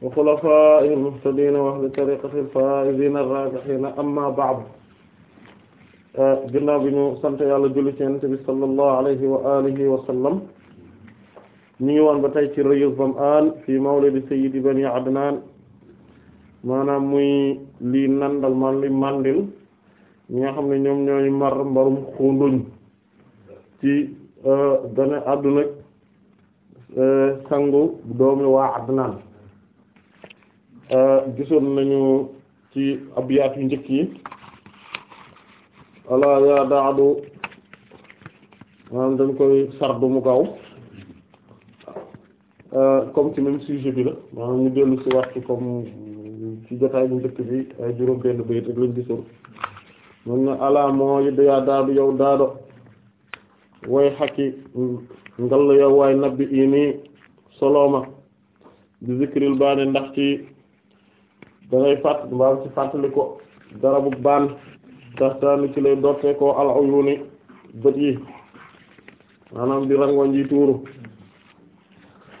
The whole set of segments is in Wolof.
wa xulafaa'ihi al-muhtadiina wa ahli tariiqatihi al-faa'iziina ar-raabihiina amma ba'du ginnaaw bi ñu sant yàlla julli ci Yonent bi sallallahu alayhi wa alihi wa sallam ñu ngi woon ba tey ci Rayyu Zam'aan fi mawlidi sayyidi bani Adnaan maanaam muy lii nandal man li mandil ñi nga xam ne ñoom ñooy mar mbarum xóondoñ ci eh, gane àdduna eh, sangu doomi waa Adnaan Euh, gisoon nañu ci abyaat yu njëkk yi alaa yaa daadu maanaam dañ koy sardu mu gaaw euh, comme ci même sujet bi la maanaam ñu dellu ci wax ci comme ci jotaay bu njëkk bi ay juróom benn bayit rek lañ gisoon mun na alaa moo yaa daadu yow daado way xakki ngal yow waay nabbi ini soloma bi zikril baane ndax ci da ngay fàtt mbaam ci fàttali ko darabu baan taxtaani ci lay dotte ko al uyuni bët yi maanaam di rangoñ yi tuuru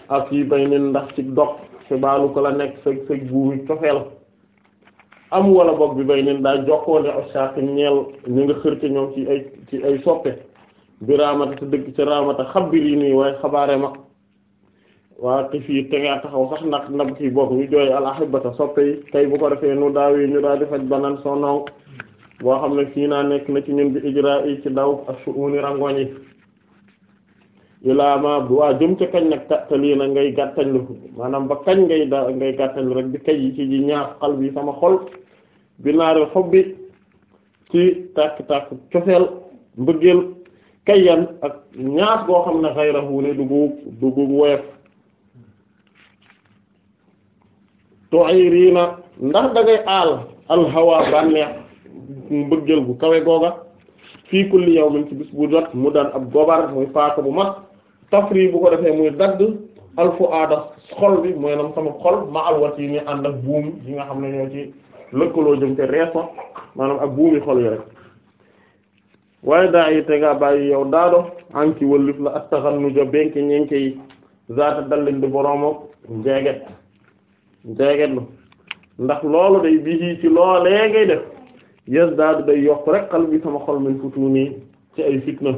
ak yi bay nin ndax ci dog xibaalu ko la nekk sëg sëg buubi cofeel am wala boog bi bay nin daa jokkoonde osaki ñeel ñu nga xërte ñoom ci ay ci ay soppe bi raamata te dëgg ci raamata xabbir yi waaye xabaare ma waa te fii te nga taxaw sax nag nag fii bokk ñu jooy al ahibata soppe yi tey bu ko defee nu daaw yi ñu daal di faj banan soo nonk boo xam ne fii naa nekk na ci ñun bi ijra yi ci daw ak suuni rangoñ yi ilaama waa jëm ca kañ nag tàttali na ngay gàttañlu maanaam ba kañ ngay da ngay gàttañlu rek di kay yi ci ji ñaax xal bi sama xol bi naareel xob bi ci tàkk-tàkk cofeel mbëggeel kayan ak ñaax boo xam ne xayrahu ne dugub dugub woyof tu'irina ndax da ngay aal alhawa bànneex mbëggeel gu kawe googa fii kulli yawmin ci bis bu jot mu daan ab gobar muy paaka bu mag tafri bu ko defee muy dagg aada xol bi mooy nam sama xol ma alwat yi ni ànd ak buum yi nga xam ne ñoo ci lëkkaloo jëm te reeso maanaam ak buumi xol yi rek waaye daa yi te ngaa bàyyi yow daado an ki wëllif la astaxannuja benk ñenke yi zaata dallin di boroomo njeeget jeegetlu ndax loolu day bii ci loolee ngay def yes daadu day yokk rek xal bi sama xol min futuuni ci ay fitna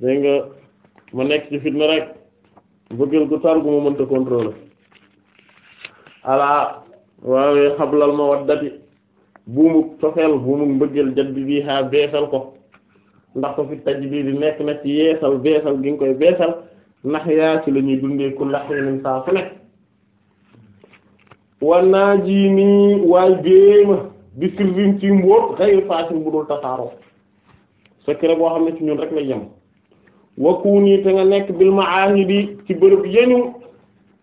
dégg nga ma nekk ci fitna rek bëggeel ko tar gu ma mënta contrôler alaa waawee xablal ma waddati buumug sofeel buumug mbëggeel jat bi bii xaa beesal ko ndax ko fi taj bii di nekk na ci yeesal beesal gi nga koy beesal ndax yaa ci lañuy ñuy dundee ku laxee nin saa su nekk wa naaji nii waay géema bi sirrin ci mbóot xayri faatin bu dul tasaaroo secret boo xam ne ci ñun rek lay yem wakkuunii te nga nekk bil maahidi ci bërëb yenu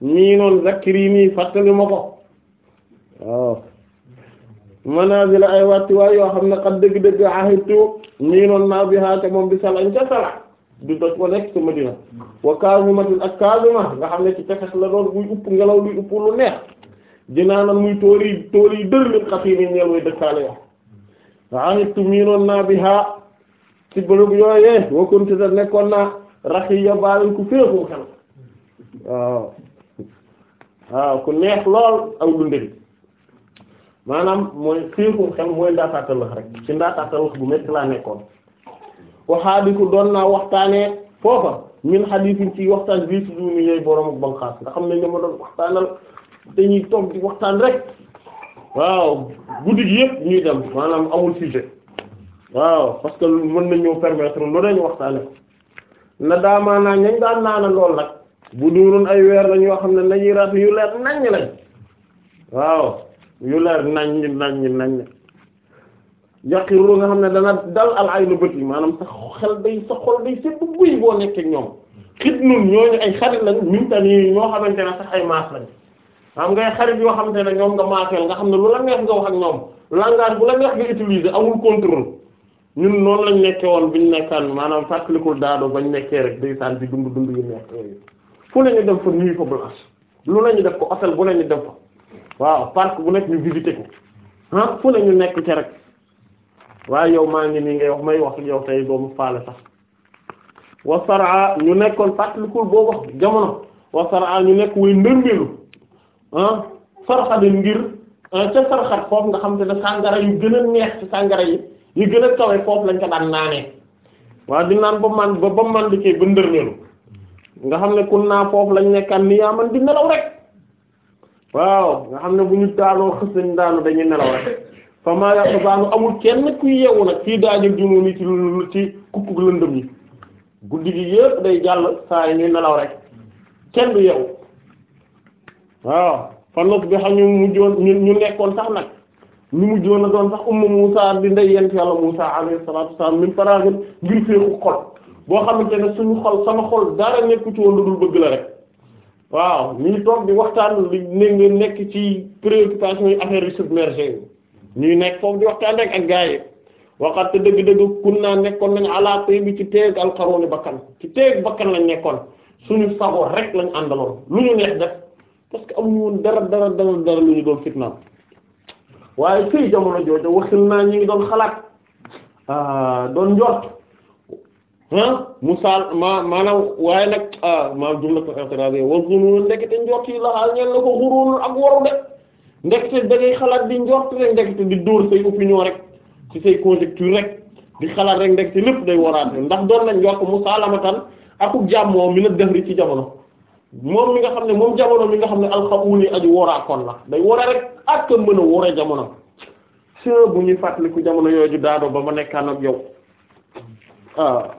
nii noon zakri nii fàttali ma ko waaw manazila ay wàtti waay yoo xam ne xat dëgg-dëgg ahidtu nii noon naa bi haate moom bi salañ ca sala du doj ko nekk ca Madina wa kaasimatin ak kaasima nga xam ne ci tefes la doon buy upp ngelaw luy upp lu neex jinaanam muy tool yi tool dër leen xas yi ne ñeel way dëkkaale ya ahittu naa bi haa ci bërëb yooyee wakkonte da nekkoon naa rax yi ya bàyyi ku féexum xel waaw waaw ku neex lool aw dunde bi maanaam mooy féexum xel mooy ndaataatalax rek ci ndaataatalax bu metti laa nekkoon waxaadi ku doon naa waxtaanee foofa min xadiisin ci waxtaan bii si duuni yooyu borom ak banqaas nga xam ne ñoo doon waxtaanal dañuy toog di waxtaan rek waaw guddi gi yëpp ñuy dem maanaam amul sujet waaw parce que mën nañoo permettre lu dañu waxtaane na daamaanaa ñañ daan naana lool nag bu duuroon ay weer la ñoo xam ne nañuy raat yu leer naññ lañ waaw yu leer naññ naññ naññ nga xam ne dana dal al aynu bët yi maanaam sa xel day sa xol day sedd buy boo nekkee ñoom xit nun ñooñu ay xarit lañ mintan yi ñoo xamante ne sax ay maas lañ xam ngay xarit yoo xamante ne ñoom nga maaseel nga xam ne lu la neex nga wax ak ñoom langage bu la neex nga utiliser amul contrôle ñun noonu lañ nekke woon biñ nekkaan maanaam fàttalikul daado bañ nekkee rek day saan bi dund dund yu neex fu la ñu dem fa nuyu fa blanche lu la ñu def ko hôtel bu la ñu dem fa waaw parc bu nekk ñu visité ko ah fu la ñu nekk ca rek waaye yow maa ngi nii ngay wax may wax yow tey doomu faale sax wasara ñu nekkoon fàttalikul boo wax jamono wasara ñu nekk way ndërmbilu sarxadin ah, ngir ah, ca sarxat foofu nga xam te ne sàngara yu gën a neex ci sàngara yi yu gën a kawe foofu lañ ko daan naanee waaw di naan ba man ba ba man ba ndërmeelu nga xam ne kun naa foofu lañ nekkaan ni yaa man di nelaw rek waaw nga xam ne bu ñu daaloo xës lañ daanu dañuy nelaw rek fa maa yàq baanu amul kenn kuy yewu nag fii daañu jumoo ni ci lu ci kukkuk lëndëm yi guddi gi yëpp day jàll saa yi ñuy nelaw rek kenn du yeewu waaw fa nasbiha ñu mujjoon ñu nekkoon sax nag ñu mujjoon a doon sax ummu Musa di ndey yent yàlla Musa alayhi salaatu wassalaam min faragin ngir féexu xol boo xamante ne suñu xol sama xol dara nekku ci woon lu dul bëgg la rek waaw ñuy toog di waxtaan li ne nekk ci préoccupation yi affaire yu submergé ñuy nekk foofu di waxtaan rek ak gaa yi waxaat te dëgg-dëgg kun naa nekkoon nañ ala tey bi ci teeg alxarooni bakkan ci teeg bakkan lañ nekkoon suñu sago rek lañ àndaloon lu ñu neex def parce que amuñu woon dara dara dara dara lu ñu doon fitnaam waaye fii jamono joojo waxil naa ñu ngi doon xalaat ah, doon njort ah musaal ma maanaam waaye nag ah, maanaam jumla ko xetrabe war xunuunu ndekete njort la ko xuruunul ak waru da xalaat di njort rek ndekete di dóor say opinion rek ci say conjecture rek di xalaat rek lépp day waraat ndax doon nañ njort musaalamatan akuk jàmmoo mi la defri ci jamono moom mi nga xam ne moom jamono mi nga xam ne alxamuuni aju woraakoon la day wora rek ak mën a wora jamono si bu ñuy fàttaliku jamono yooyu daado ba ma nekkaan ak yow ah.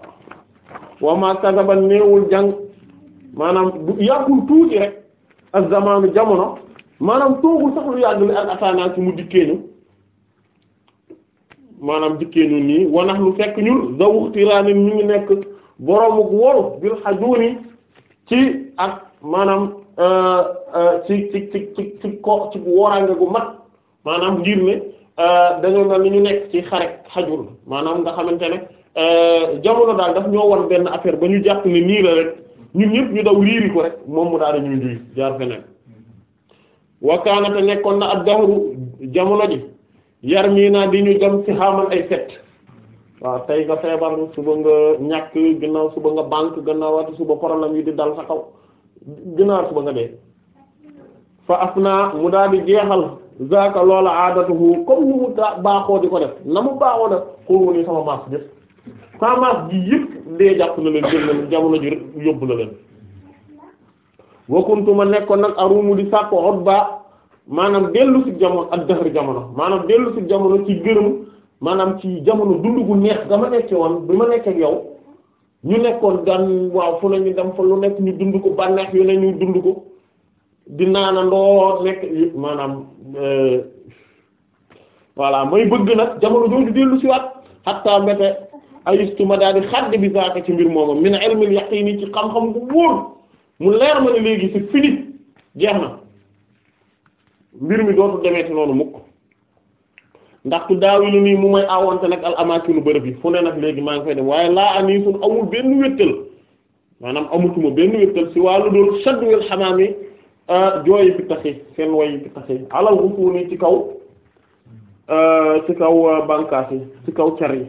maanaam du yàggul jamono maanaam toogul sax lu yàgg li ak ataanaa ci mu dikkeenu maanaam dikkeenu nii wanax lu fekk ñun zawuxtiraani ñu ngi nekk boroomu woru bil xajuuni ci ak maanaam euh, euh, ci ci ci ci ci ko gu mat maanaam ngir ne euh, dañoo mel ni ñu nekk ci xare xajul maanaam nga xamante ne jamono daal daf ñoo war benn affaire ba ñu jàpp ne nii la rek ñun ñëpp ñu daw liiri rek moom mu daal ñu njuy jaar feneen wakkaanate nekkoon na ab dahru jamono ji yar mii naa di ñu jam si xaaman ay set waaw tey nga feebar suba nga ñàkk gannaaw suba nga banque gannaaw waati suba problème yi di dal sa kaw gannaaw suba nga dee fa afna mu daadi di jeexal zaaka loola aadatuhu comme ni mu baaxoo di ko def na mu baaxoo def xóorma ni sama maas jëf sa maas ji yëpp dee jàpp na leen jël na leen jamono ji yóbbu na leen wakuntuma nekkoon nag arumu di sàkko ot baa maanaam dellu si jamono ak dëxër jamono maanaam dellu si jamono ci gërëm maanaam ci jamono dund gu neex dama nekke woon bi ma nekkee yow ñu nekkoon gan waaw fu nañu dem fa lu nekk ñu dund ko bànneex yu ne ñu dund ko di naanandoo nekk yëpp maanaam euh, voilà may bëgg nag jamono jooju dellu siwaat xatta mbete ayistu ma daal di xadd bi saaka ci mbir moomam min ilmil yaqini ci xam-xam bu wóor mu leer ma ne léegi c'est fini jeex na mbir mi dootu demeeti noonu mukk ndax tu daaw yi nii mu may awonte nag al amaakinu bërëb yi fu ne nag léegi maa ngi fay dem waaye laa anii suñ amul benn wéttal maanaam amutuma benn wéttal si wàllu dool shadduwel xamaam yi euh, jooyi fi taxi seen woyi fi taxi alal xufu ni ci kaw euh, ci kaw euh, bànkaas yi ci kaw car yi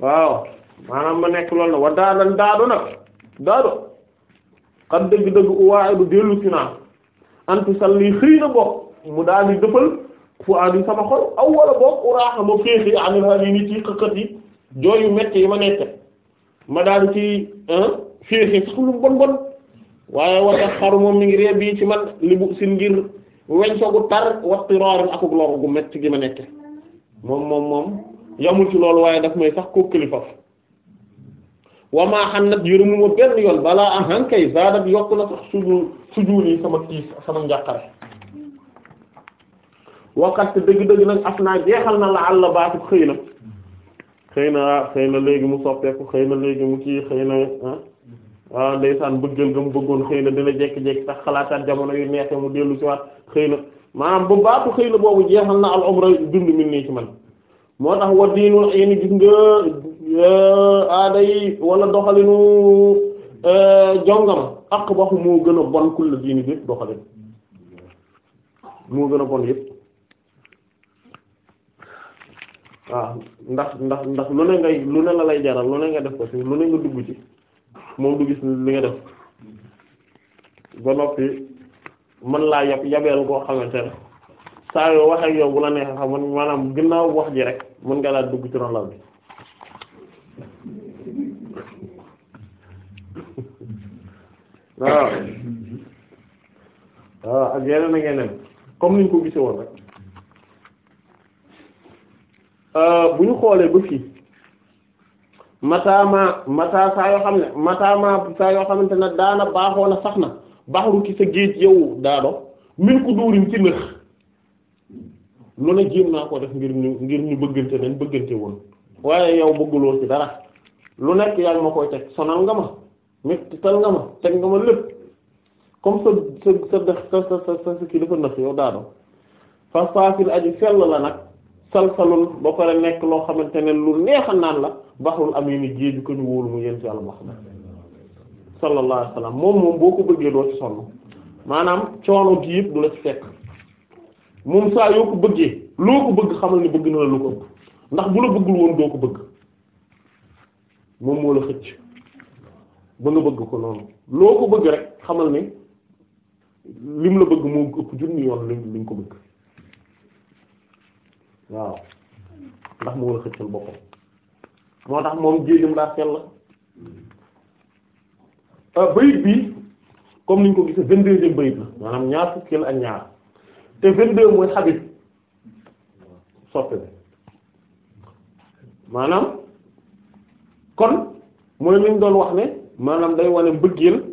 waaw maanaam ma nekk loolu na wa daadan daado nag daado xat dëgg-dëgg uwaaye du dellu si naa antu sal lii xëy na bokk mu daal dëfal fu aadi sama xol aw wala boog uraaxa ma féexi amil ha yi nit yi xëqat yi jooy yu metti yi ma nekk ma daal ci féexi sax lu bon bon waaye wata xaru moom mi ngi ree bii ci man li bu sin ngir weñ soogu tar waxtu roorin akuk loru gu metti gi ma nekk moom moom moom yamul ci loolu waaye daf may sax ko kilifa wamaa xam nag yërëmuma benn yoon balaa ahankay zaadat yokk na sax suju sujuul yi sama tiis sama njàqare waqat dëgg-dëgg nag af naa jeexal na la àll baatu xëy na xëy na léegi mu soppeeku xëy na léegi mu kii xëy na ah, ah ndeysaan bëggal nga mu bëggoon xëy na dina jékki-jékki sax jamono yu neexee mu dellu ci waat xëy na maanaam ba baatu boobu jeexal na al umra dund min ci man moo tax wa diinul ayni gis nga eh, wala doxalinu eh, jongama ak waxu moo gën a bon kulla diini bépp doxalin moo gën a bon yëpp waaw ndax ndax ndax lu ne ngay lu ne la lay jaral lu ne nga def ko ci lu ne nga dugg ci moom du gis li nga def ba noppi mën laa yab yabeel koo xamante ne saa yoo wax ak yow bu la neexee xam man maanaam ginnaaw wax ji rek mën nga laa dugg ci ronlal bi waaw waaw ak yeneen a yeneen comme niñ ko gisee woon rek Euh, bu ñu xoolee ba fii mataama mata saa yoo xam ne mataama saa yoo xamante ne daana baaxoo na sax na baxaru ci sa géej yow daado min ko dóorin ci nëx lu ne jéem naa ko def ngir ñu ngir ñu bëggante nañ bëggante woon waaye yow bëgguloo ci dara lu nekk yaa ngi ma koy teg sonal nga ma mettital nga ma teg nga ma lépp comme sa sa sa sa sa sa kii dafa nëx yow daado fa fasil aji sell la nag salsalun ba pare nekk loo xamante ne lu neexa naan la baxrul amini géeju ko ñu wóolu mu yéen ci yàlla Muhammad sallallahu alayhi wasallam moom moom boo ko bëggee doo ci sonn maanaam coono gi yëpp du la ci fekk moom saa yoo ko bëggee loo ko bëgg xamal ni bëgg na lu ko ëpp ndax bu la bëggul ko bëgg moom moo la xëcc ba nga bëgg ko noonu loo ko bëgg rek xamal ni lim la bëgg moo ëpp junni yoon li nga ko bëgg waaw ndax moo la xëccal boppam moo tax moom jéegam daa la euh, bayit bi comme niñ ko gisee vingt-deuxième bayit la maanaam ñaar fukkeel ak ñaar te vingt mooy xabib soppe bi maanaam kon mooy liñ doon wax ne maanaam day wane mbëggeel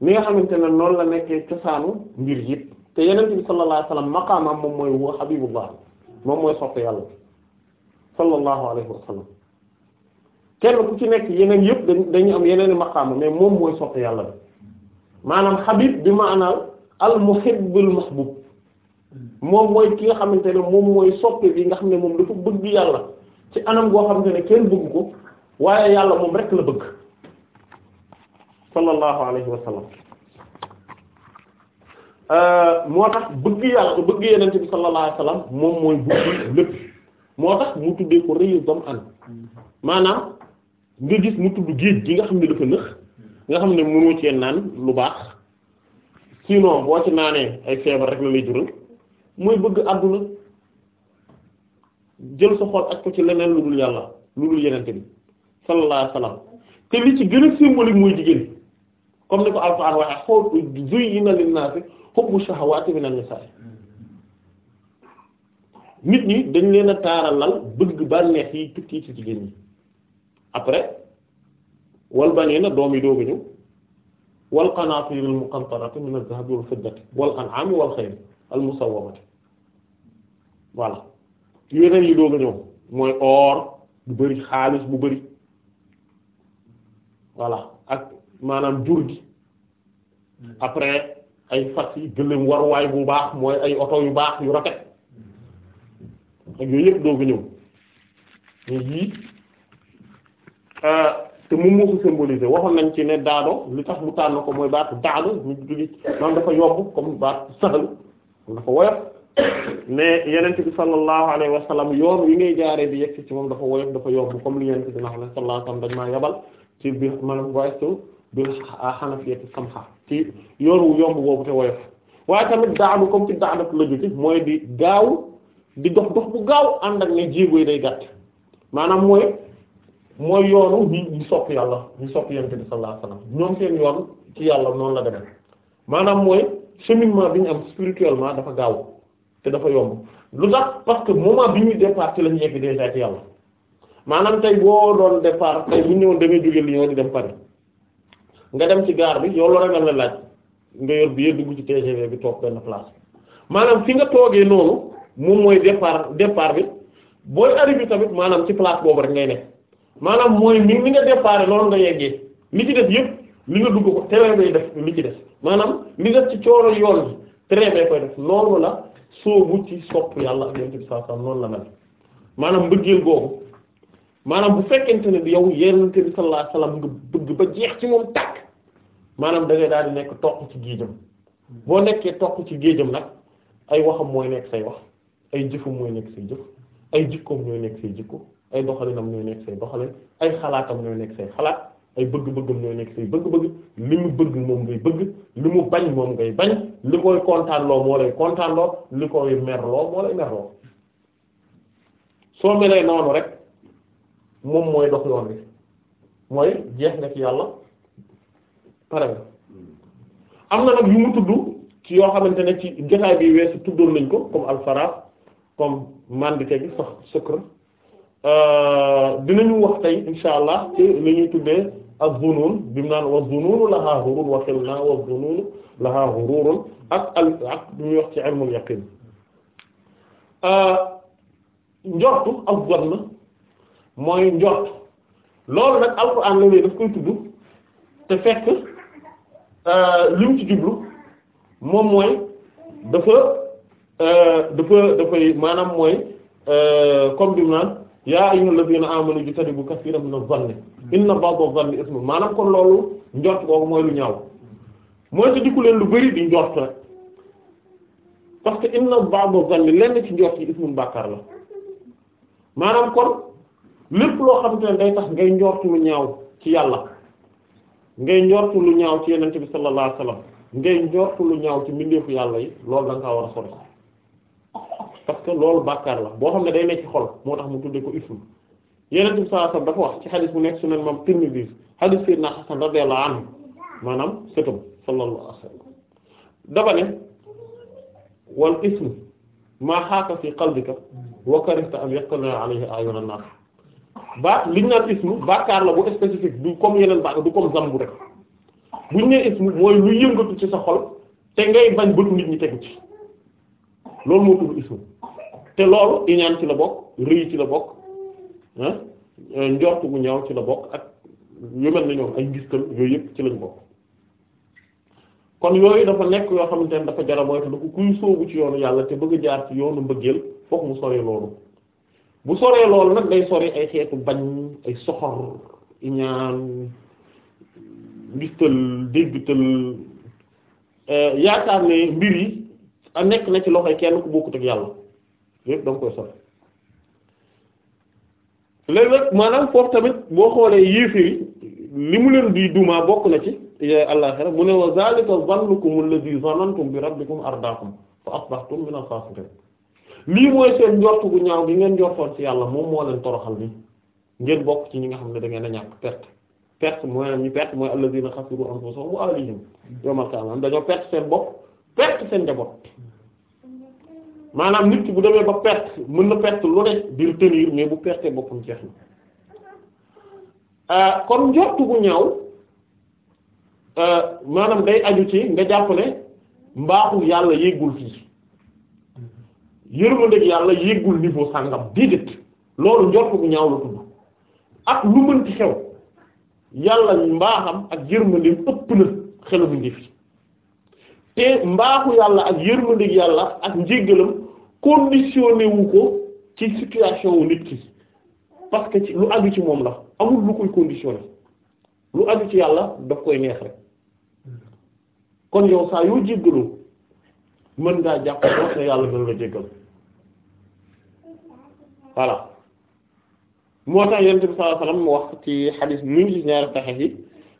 mi nga xamante ne noonu la nekkee cosaanu ngir yëpp te yeneen bi sallallahu alayhi wasallam maqaamam moom mooy huwa habibullah moom mooy sopp yàlla sallallahu alayhi wa sallam kenn ku ci nekk yeneen yëpp dañuy am yeneen i maqaama mais moom mooy sopp yàlla bi maanaam xabib bi maanaam al muhibbul mahbub moom mooy ki nga xamante ne moom mooy soppe bi nga xam ne moom dafa bëgg yàlla ci anam goo xamante ne kenn bëgg ko waaye yàlla moom rek la bëgg sallallahu alayhi wa sallam Euh, moo tax bëgg yàlla bëgg yenente bi sallallahu alayhi moom mooy bëgg lépp moo tax mu tuddee ko rëyu dom an maanaam nga gis mu tudd géej gi nga xam ne dafa nëx nga xam ne mënoo cee naan lu baax sinon boo ci naanee ay feebar rek la lay jural mooy bëgg àdduna jël sa xol ak ko ci leneen lu dul yàlla lu dul yenente bi sallallahu alayhi te li ci gën a mooy jigéen comme ni ko alquran waxe xool zuyyina linnaasi hubbu shahawaati minan nisaa nit ñi dañ leen a taaralal bëgg bànneex yi tukki ci jigéen ñi après wal baniina doom yi doogu ñëw wal qanaatiiril muqantarati min az-zahabi wal fiddati wal an'aami wal yi doogu ñëw mooy or bu bari xaalis bu bari voilà ak maanaam jur gi après ay fas yi gëléem waruwaay bu baax mooy ay oto yu baax yu rafet ak yooyu yëpp doogu ñëw yii euh, te moom moo ko waxoon nañ ci ne daado li tax mu tànn ko mooy baax daado ñu dugi maanaam dafa yomb comme baatu saxal dafa woyof mais yenent bi sallallahu alayhi wa sallam yoon wi ngay jaaree bi yegg ci moom dafa woyof dafa yomb comme li yenent bi sallallahu alayhi wa sallam dañ maa yabal ci biir man voice bil xanafiyati samha ci yoru yomb boobu te woyof waaye tamit daanu comme ci daanat la jóge mooy di gaaw di dox dox bu gaaw ànd ak ne jéego yi day gàtt maanaam mooy mooy yoonu ñi ñi sopp yàlla ñu sopp yonent bi sallallahu alayhi wasallam yoon ci yàlla noonu la demee maanaam mooy cheminement bi ñu am spirituellement dafa gaaw te dafa yomb lu tax parce que moment bi ñuy départ ci lañu dee déjà ci yàlla maanaam tey boo doon départ tey bu ñëwoon da ngay jóge Lyon di dem Paris nga dem ci gaar bi yow loolu rek la laaj nga yor bi dugg ci TGV bi toog benn place maanaam fi nga toogee noonu moom mooy départ départ bi booy bi tamit maanaam ci place boobu rek ngay nekk maanaam mooy mi mi nga départ loolu nga yeggee li ci def yëpp li nga dugg ko terrain bay def li ci def maanaam li nga ci cooro yoon bi terrain bay koy def loolu la soobu ci sopp yàlla ak noonu la mel maanaam mbëggeel googu maanaam bu fekkente ne yow yonent bi sallallahu alayhi wasallam nga bëgg ba jeex ci moom tàkk maanaam da ngay daal di nekk toq ci géejam boo nekkee toq ci géejam nag ay waxam mooy nekk say wax ay jëfam mooy nekk say jëf ay jikkoom ñooy nekk say jikko ay doxalinam ñooy nekk say doxalin ay xalaatam ñooy nekk say xalaat ay bëgg-bëggam ñooy nekk say bëgg-bëgg li mu bëgg moom ngay bëgg li mu bañ moom ngay bañ li koy kontaanloo moo lay kontaanloo li koy merloo moo lay merloo soo melee noonu rek moom mooy dox yoon bi mooy jeex nga ci yàlla pare hmm. am na nag yu mu tudd ci yoo xamante ne ci jotaay bi weesu tuddoon nañ ko comme alfaraas comme mandité bi sax sukkur euh, dinañu wax tey insha allah ci li tuddee ak zunuun bi mu naan wa zunuunu lahaa xuruur wa xil naa wa zunuunu ak al ak ñuy wax ci ilmul yaqiin euh, njortu ak zann mooy njort loolu nag alxuraan la daf koy tudd te fekk Euh, li mu ci jublu moom mooy dafa euh, dafa dafay maanaam mooy euh, comme bi mu naan yaa ayyuhal ladhina amanu jitanibu kaseeran min adh-dhanni inna ba'da adh-dhanni maanaam kon loolu njort googu mooy lu ñaaw mooy te dikku leen lu bari di njort rek parce que inna ba'da adh-dhanni lenn ci njort yi ismun bàkkaar la maanaam kon lépp loo xam ne day tax ngay njort lu ñaaw ci yàlla ngay njortu lu ñaaw ci yenente bi sallallahu alayhi wasallam ngay njortu lu ñaaw ci mbindeefu yàlla yi loolu da nga kaa war a sori parce que loolu bàkkaar la boo xam ne day nekk ci xol moo tax mu tuddee ko ism yenente bi sallallahu alayhi dafa wax ci xadis bu nekk su sunan mam Tirmidhi xadis sayyidina Hasan radiyallahu anhu maanaam sëtam sallallahu alayhi wasallam daba ne wal ism maa xaaka fi qalbika wa karihta an yaqtana alayhi ayunan nas baat liñ naan ismu bàkkaar la bu spécifique du comme yeneen bàkkaar du comme zambu rek buñ nee ismu mooy lu yëngatu ci sa xol te ngay bañ bëtu nit ñi tegu ci loolu moo tudd ismu te loolu iñaan ci la bokk rëy ci la bokk ah njort bu ñaaw ci la bokk ak yu mel ne ñoom ay ngistal yooyu yëpp ci lañ bokk kon yooyu dafa nekk yoo xamante ne dafa jara moytu dafa kuy sóobu ci yoonu yàlla te bëgg jaar ci yoonu mbëggeel fokk mu sori loolu bu soree loolu nag day sori ay xeetu bañ ay soxor iñaan ngistal déggital euh, yaakaar ne mbir yi a nekk na ci loxoy kenn ku bokkut ak yàlla yépp da koy sori léegi nag maanaam foofu tamit boo xoolee yéeféri li mu leen di duma bokk na ci euh, àllaxira mu ne wa zalika zannukum alladhi zanantum bi rabbikum ardaakum fa asbahtum min al-khasirin lii mooy seen njort gu ñaaw gi ngeen njortoon ci yàlla moom moo leen toroxal nii ngeen bokk ci ñi nga xam ne da ngeen a ñàkk perte perte mooy ñu perte mooy alladina xasiru anfusahum wa ahlihim yawmal qiyaama dañoo perte seen bopp perte seen njaboot maanaam nit bu demee ba perte mën na perte lu ne di retenir mais bu perte boppam jeex na euh, kon njort gu ñaaw euh, maanaam day aju ci nga jàpp ne mbaaxu yàlla yëgul fii yërmandeeg yàlla yéggul niveau sàngam déedéet loolu njort bu ñaaw la tudd ak lu mënti xew yàlla mbaaxam ak yërmandeeg ëpp na xelu mbindeef yi te mbaaxu yàlla ak yërmandeeg yàlla ak njéggalam conditionné ko ci situation wu nit ki parce que ci lu aju ci moom la amul lu koy conditionné lu aju ci yàlla daf koy neex rek kon yow saa yoo jéggaloo mën ngaa jàpp ko te yàlla dana la jéggal voilà moo tax yonent bi sallallahu alayhi wasallam wax ci xadis mi ngi ci ñaari pexe yi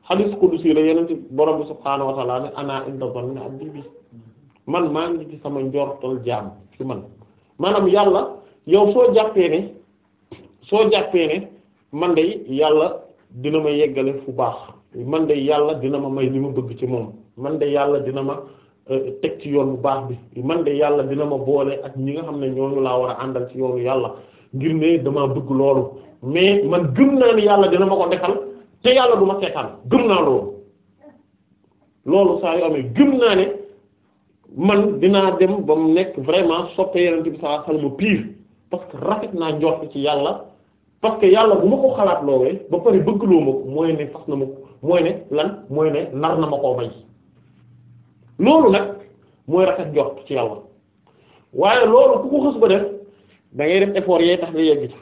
xadis qudsi la yonent borom bi subhaanahu wa ta'aala ne ana inda dhanni abdi man maa ngi ci sama njortal jaam ci man maanaam yàlla yow soo jàppee ne soo jàppee ne man de yàlla dina ma yeggale fu baax man de yàlla dina ma may li ma bëgg ci moom man de yàlla dina ma Euh, teg ci yoon bu baax bi man de yàlla dina ma boole ak ñi nga xam ne ñooñu laa war a àndal ci yoonu yàlla ngir ne dama bëgg loolu mais man gëm naa ni yàlla dina ma ko defal te yàlla du ma seetaan gëm naa loolu loolu saa yu amee gëm naa ne man dinaa dem ba mu nekk vraiment soppe yenente bi sallallahu alayhi wasallam pire parce rafet naa njort ci yàlla parce que yàlla bu ma ko xalaat loowee ba pare bëggloo ma ko mooy ne fas na ma ko mooy ne lan mooy ne nar na ma koo loolu nag mooy rafet njort ci yàlla waaye loolu ku ko xës ba def da def effort yee tax nga yegg ci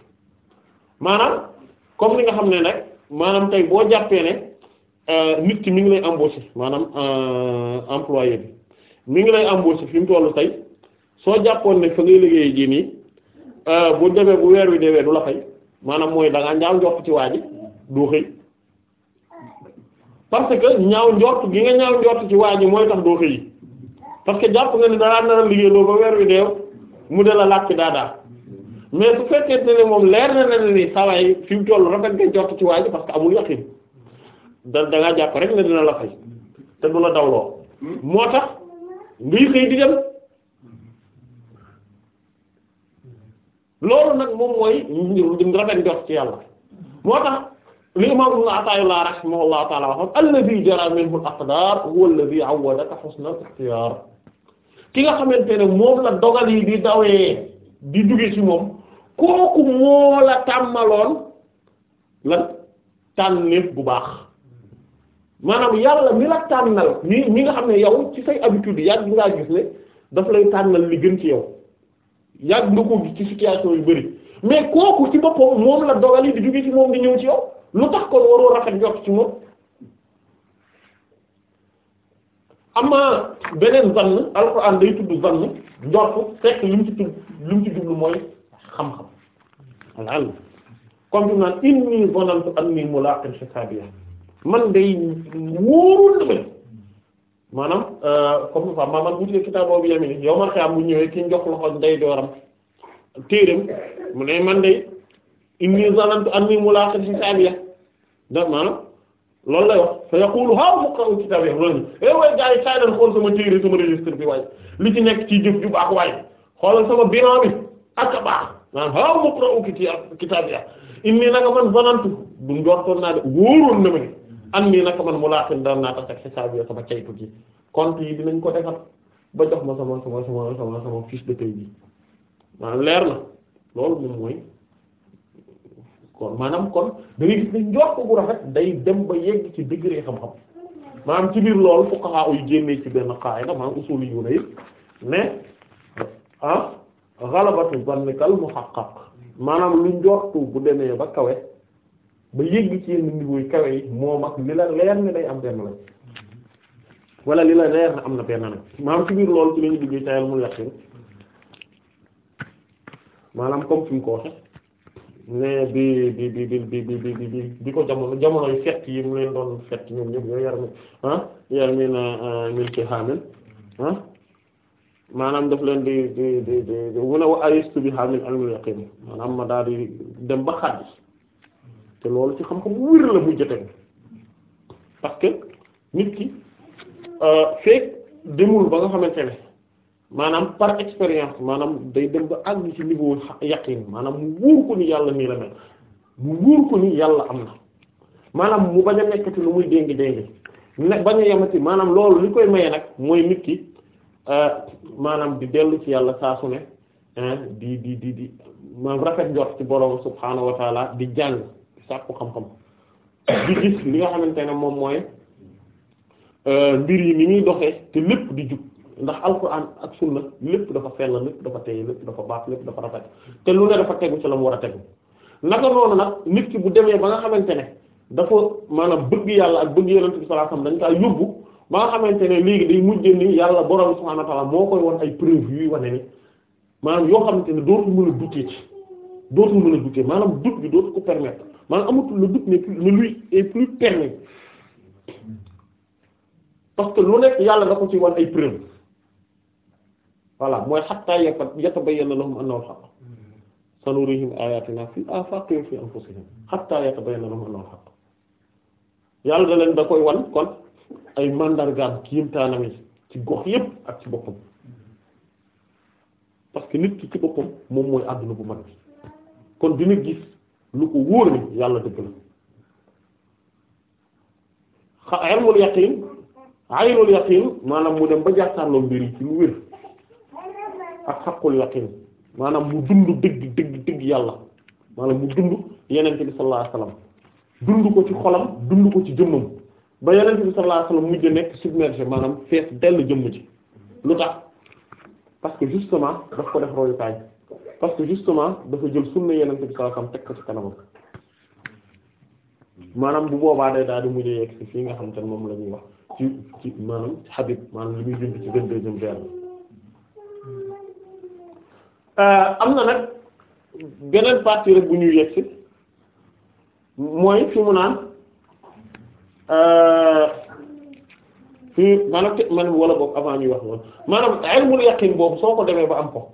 maanaam comme li nga xam ne nag maanaam tey boo jàppee ne euh, nit ki mi ngi lay embaucher maanaam euh, employé bi mu ngi lay embaucher fi mu tollu tey soo jàppoon ne fa ngay liggéeyee ji nii euh, bu demee bu weer wi dewee du la fay maanaam mooy da ngaa ñaaw njort ci waa ji du xëy parce que ñaaw njort gi nga ñaaw njort ci waa ji mooy tax doo xëy parce que jàpp nga ne danaa nar a liggéey loo ba weer wi deew mu de la laaj ci daadaa mais su fekkee ne moom leer na ne ni sawaay fi mu toll rafet nga njort ci waa parce que amul yaqin da da jàpp rek ne dina la fay te du la dawloo moo tax ngay xëy di dem loolu nag moom mooy rafet njort ci yàlla moo tax. li imam ibn Ata'illah rahimahullahu ta'ala waxoon alladhi jara minhu al-aqdar huwa alladhi awwadaka husna al-ikhtiyar ki nga xamante ne moom la dogal yi di dawee di duggee ci moom kooku moo la tàmmaloon lan tànneef bu baax maanaam yàlla mi la tànnal mi mi nga xam ne yow ci say habitude yàgg ngaa gis ne daf lay tànnal li gën ci yow yàgg nga ko gis ci situation yu bari mais kooku ci boppam moom la dogal yi di duggee ci moom di ñëw ci yow lu tax kon waroo rafet njort ci moom amma beneen zann alxuraan day tudd zann njort fekk li mu ci tudd li mu ci jublu mooy xam-xam alal comme bi mu naan inni zonantu anni man day wóorul na ma maanaam euh, comme ni ma ma man bu ñu yamini yow man xëy bu ñëwee ki njox loxo ndey dooram téereem mu ne man de inni zanantu anni mulaqin hisabiya da maanaam loolu lay wax fa yaqulu haa muqra'u kitaabi loolu eh waaye gars yi saa leen xool sama téere sama registre bi waaye li ci nekk ci jëf ju baax waaye xoolal sama bilan bi ak a baax maanaam haa muqra'u kitaabi inni naka man banantu du njortoon naa de wóoroon na ma ni an nii naka man mulaqin daan naa tax ak xisaab yi sama caytu gi compte yi dinañ ko defar ba jox ma sama sama sama sama sama fiche de paie bi maanaam leer na loolu moom mooy. kon maanaam kon da ngay gis bu rafet day dem ba yegg ci degré xam-xam maanaam ci biir lool fuqaha yu génnee ci benn qaida maanaam usul yu ne mais ah ghalabatu bannikal muhaqqaq maanaam lu njortu bu ba kawe ba yegg ci yenn niveau yi moom ak leer ni day am benn li la leer am na benn nag maanaam ci biir loolu ci lañu duggee tayal mu yàqin maanaam comme fi mu ko waxe mais bi bi bi bi bi bi bi bi ko jamono jamonoy fett yi mu leen doon fett ñoom ñëpp yooyu yar ah, mi na ah, mil ci ah, maanaam daf leen di di di di mu ne wa aristu bi hamil almul yaqin maanaam ma daal di dem ba xaddi te loolu ci xam-xam wér la bu jotee parce que nit ki euh, feek demul ba nga xamante ne maanaam par expérience maanaam day dem ba àgg ci niveau yaqin maanaam mu wóor ko ni yàlla nii la mel mu wóor ko ni yàlla am na maanaam mu bañ a nekkati lu muy déngi déngi ne bañ yemati maanaam loolu li koy maye nag mooy nit ki euh, maanaam di dellu ci yàlla saa su ne di di di di maanaam rafet njort ci borom subhaanahu wa di jàng di sàkku xam-xam di gis li nga xamante ne moom mooy euh, mbir yi ni muy doxee te lépp di jub ndax alquran ak sunna lépp dafa sell lépp dafa tey lépp dafa baax lépp dafa rafet te lu ne dafa tegu ci la mu war a tegu naka noonu nag nit ki bu demee ba nga xamante ne dafa maanaam bëgg yàlla ak bëgg yonent bi sallallahu alayhi wasallam dañ kaa yóbbu ba nga xamante ne léegi day mujjee ni yàlla borom subhanahu wa ta'ala moo koy won ay preuve yuy wane ni maanaam yoo xamante ne dootul mën a douter ci dootul mën a douter maanaam doute bi dootu ko permettre maanaam amatul le doute ne ne lui que lu nekk yàlla da ko ci wan ay preuve voilà mooy hatta yatabayyana lahum annahu al-haqq sanurihim ayatina fil afaqi wa fi anfusihim hatta yatabayyana lahum annahu al-haqq yàlla da leen da koy wan kon ay mandargaam kiimtaanam yi ci gox yépp ak ci boppam parce que nit ki ci boppam moom mooy àdduna bu mag kon dina gis lu ko wóor ni yàlla dëgg xa- ilmul yaqiin maanaam mu dem ba jàkkaarloo mbir yi ci lu wér ak xaqul yaqin maanaam mu dund dëgg dëgg dëgg yàlla maanaam mu dund yenente bi sallallahu alayhi dund ko ci xolam dund ko ci jëmmam ba yenente bi sallallahu alayhi wasallam mujj nekk submergé maanaam fees dell jëmm ci lu tax parce que justement daf ko def royukaay parce que justement dafa jël sunna yenente bi sallallahu alayhi teg ko ci kanamam maanaam bu boobaa day daal di mujj yegg si fii nga xam te moom la ñuy wax ci ci maanaam xabib maanaam li muy jënd ci vingt-deuxième vers Euh, am na nag beneen partie rek bu ñuy yegsi mooy fi mu naan euh, fi maanaam te man wala boog avant ñuy wax loolu maanaam ilmul yaqin boobu soo ko demee ba am ko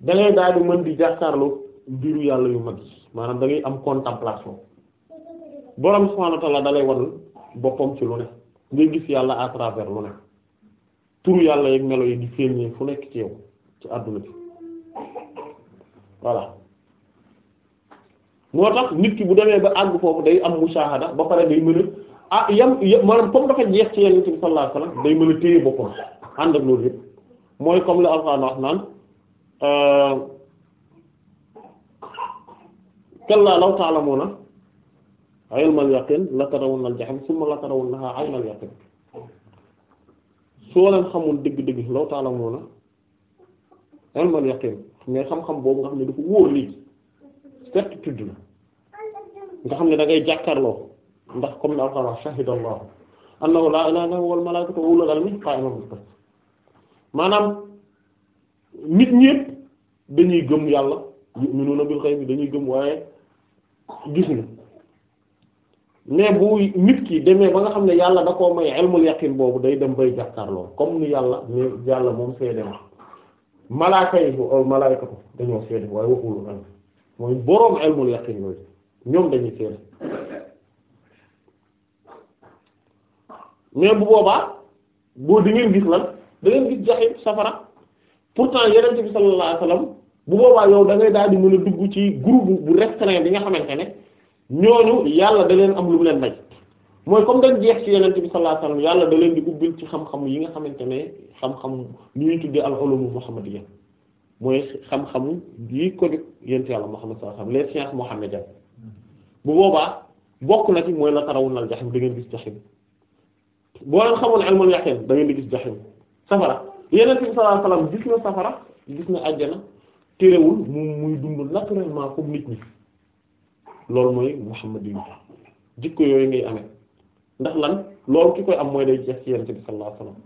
da ngay daal di mën di jàkkaarloo mbiru yàlla yu mag yi maanaam dangay am contemplation borom subhanahu wa ta'ala da lay wan boppam ci lu ne ngay gis yàlla à travers lu ne turu yàlla yëg melo yi di feeñee fu nekk ci yow ci àdduna bi. voilà moo tax nit ki bu demee ba àgg foofu day am musaahada ba pare day mën a ah, yam maanaam comme dafa jeex ci Yonent bi sallallahu alayhi wasallam day mën a téye boppam ànd loolu yëpp mooy comme la Alxuraan wax naan euh, kallaa law ta'lamuuna ilmal yaqiin la tarawunna al-jahiim summa la tarawunnahaa aynal yaqiin soo leen xamul dëgg-dëgg law ta'lamuuna ilmal yaqiin mais xam-xam boobu nga xam ne dafa wóor léegi certitude la nga xam ne da ngay jàkkaarloo ndax comme ne alxuraan wax shahida allah annahu laa ilaaha illa huwa wal malaa'ikatu wa ulul maanaam nit ñépp dañuy gëm yàlla yu'minuuna bil ghaybi dañuy gëm waaye gis na mais bu nit ki demee ba nga xam ne yàlla da koo may ilmul yaqin boobu day dem bay jàkkaarloo comme ni yàlla ni yàlla moom seede wax malaaka yi euh, malaaka ko dañoo seede waaye waxulu nan mooy boroom ilmul yaqin yooyu ñoom dañuy seede mais bu boobaa boo di ngeen gis lan da ngeen gis jaxim safara pourtant yonent bi sallallahu alayhi bu boobaa yow da ngay daal di mën a dugg ci groupe bu restreint bi nga xamante ne ñooñu yàlla da leen am lu mu leen may mooy comme dañ jeex ci yenente bi sallallahu alayhi wasallam yàlla da leen di ubbil ci xam-xam yi nga xamante ne xam-xam li ñuy tuddee al ulum muhammadiyya mooy xam-xam yi ko jóg yent yàlla Muhammad sallallahu alayhi wasallam les sciences mohammédiennes bu boobaa bokk na ci mooy la tarawun al jahim da ngeen gis jahim boo leen xamoon ilmul yaqin da ngeen di gis jahim safara yenente bi sallallahu alayhi wasallam gis na safara gis na àjjana téréwul moom muy dund naturellement comme nit ñi loolu mooy muhammadiyya jikko yooyu ngay amee ndax lan loolu ki koy am mooy day jeex ci yonent bi sallallahu alayhi wasallam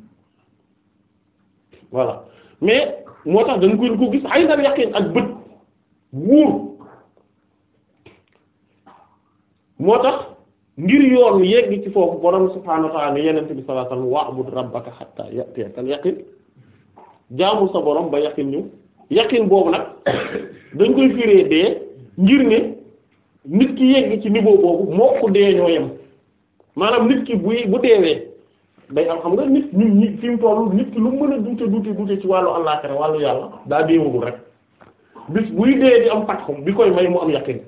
voilà mais moo tax dañ koy ko gis ay nar yaqin ak bët wóor moo tax ngir yoon yegg ci foofu borom subhaanahu wa ta'aala yonent bi sallallahu alayhi wasallam wa'bud rabbaka yaqin jaamu sa borom ba yaqin ñu yaqin boobu nag dañ koy firee dee ngir ne nit ki yegg ci niveau boobu moo ko dee ñoo yem maanaam nit ki buy bu deewee day am xam nga nit ñun ñi fi mu nit ki lu mën a duute duute duute ci wàllu àllaaxira wàllu yàlla daa deewul rek bis buy dee di am patxum bi koy may mu am yaqin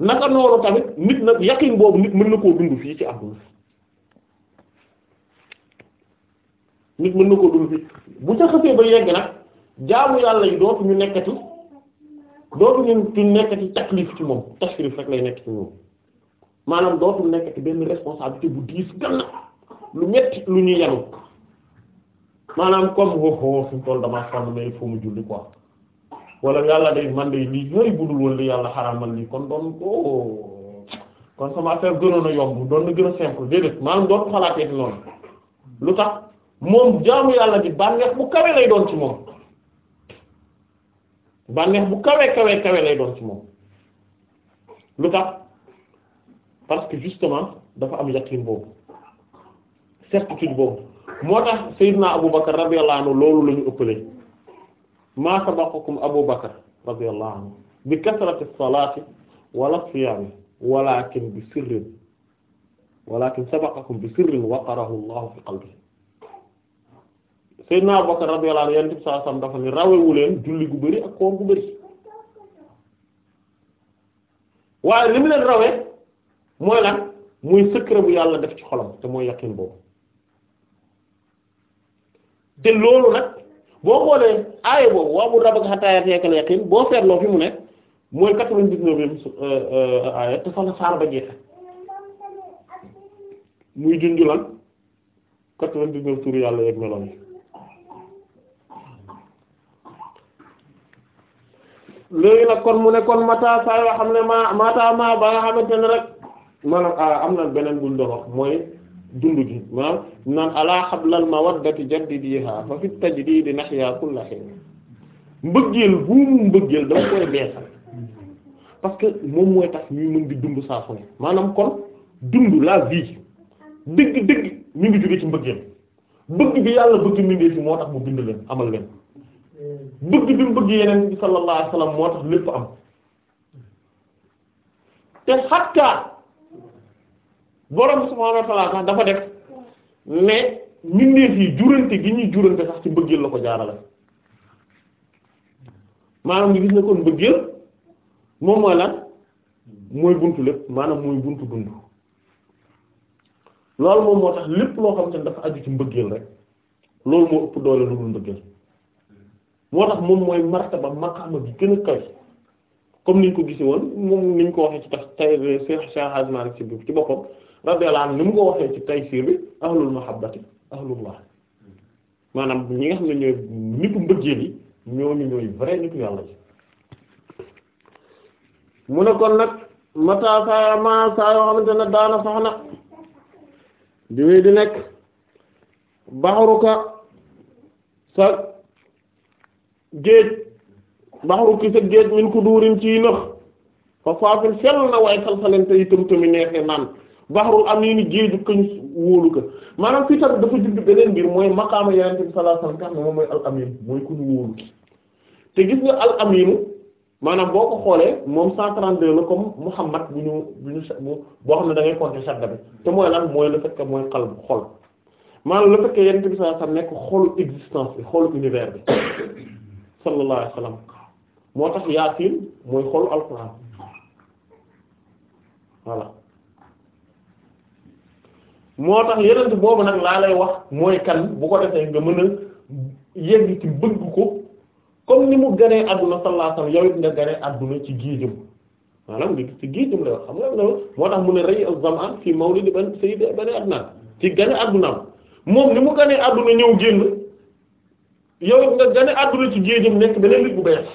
naka noonu tamit nit nag yaqin boobu nit mën na koo dund fii ci àdduna mën na koo dund bu ca xasee ba yegg nag jaamu yàlla yi dootu ñu nekkati dootu ñu nekkati taklif ci moom tashrif rek lay nekk ci moom maanaam dootul nekk ci benn responsabilité bu diis ganna lu metti lu ñu yenu maanaam comme woo suñu tool damaa xam ne il faut mu julli ko wala yàlla day man de lii yooyu budul woon li yàlla xaraamal lii kon doon ko kon sama affaire gënoon a yomb doon na gën a simple déedéet maanaam dootu xalaatee ci noonu lu tax moom jaamu yàlla bi bànneex bu kawe lay doon ci moom bànneex bu kawe kawe kawe lay doon ci moom lu tax parce que justement dafa am yaqin boobu certitude boobu moo tax Seydina Aboubacar radiyallahu anhu loolu la ñu ëppalee maa sabaqakum Aboubacar radiyallahu anhu bi kasrati salaati wala siyaami walakin bi sirrin bi sirrin waqarahu Allahu fi qalbi Seydina Aboubacar radiyallahu anhu yonent bi sallallahu alayhi julli gu bëri ak koor gu bëri mooy lan muy secret bu yàlla def ci xolam te mooy yaqin boobu te loolu nag boo xoolee aaya boobu waa bu rabaka xattaa ya'tiyakal yaqiin boo seetloo fi mu ne mooy quatre-vingt-dix-neuvième euh, euh, muy junju lan quatre-vingt-dix-neuf yàlla yeeg meloon yi léegi nag kon mu ne kon mata saa xam ne maa mata maa ba nga xamante ne rek maanaam ah, am na beneen buñ doon mooy dund gi maanaam naan alaa hablal mawaddati jaddidiha fa fi tajdidi nahya kulla hin mbëggeel buumu mbëggeel dama koy beesal parce que moom mooy tax ñuy mën di dund saa ne maanaam kon dund la vie dëgg dëgg mi ngi jóge ci mbëggeel bëgg bi yàlla bëgg mi ngi moo tax mu bind leen amal leen bëgg bi mu bëgg yeneen bi sallallahu moo tax lépp am te xattaa borom subhaanahu wa ta'aala sax dafa def ne mbindeef yi jurante gi ñuy jurante sax ci mbëggeel la ko jaarale maanaam ngi gis ne kon mbëggeel moom mooy lan mooy buntu lépp maanaam mooy buntu dund loolu moom moo lépp loo xam te dafa aju ci mbëggeel rek loolu moo ëpp doole lu dul mbëggeel moo tax moom mooy martaba maqaama bi gën a kawe comme niñ ko gisee woon moom niñ ko waxee ci tax tey Cheikh Cheikh Hadj Malick ci boppam radiyallahu anhu ni mu ko waxee ci taysiir bi ahlul mahabbati ahlullah maanaam ñi nga xam ne ñooy nitu mbëggeel yi ñooñu ñooy vrai nitu yàlla ji mu ne kon nag mata saa ma xamante ne daana soxna di wéy di nekk baxaruka sa géej baxaruki sa géej min ku duurin ci nëx fa faafin sell na waaye salsalante itam tamit neexee naan bahrul amini géeju këñ wóolu ko maanaam fii tamit dafa judd beneen mbir mooy maqaama yonent bi sallallahu alayhi wasallam moom mooy al amin mooy ku ñu wóolu te gis nga al aminu maanaam boo ko xoolee moom 132 la comme Muhammad bu ñu bu ñu boo xam ne da ngay compter bi te mooy lan mooy la fait mooy xal xol maanaam le fait que yonent bi sallallahu alayhi wasallam nekk xolu existence bi xolu univers bi sallallahu alayhi wasallam moo tax Yaasin mooy xolu alxuraan moo tax yeneen boobu nag laa lay wax mooy kan bu ko defee nga mën a yegg ci bëgg ko comme ni mu ganee adduna sallallahu alayhi wasallam yow it nga ganee adduna ci géejëm maanaam nga gis la mu ne rëy az-zaman fi mawlid ban sayyid bani ci gane addunaam moom ni mu ganee adduna ñëw génn yow nga ganee adduna ci géejëm nekk beneen nit bu bees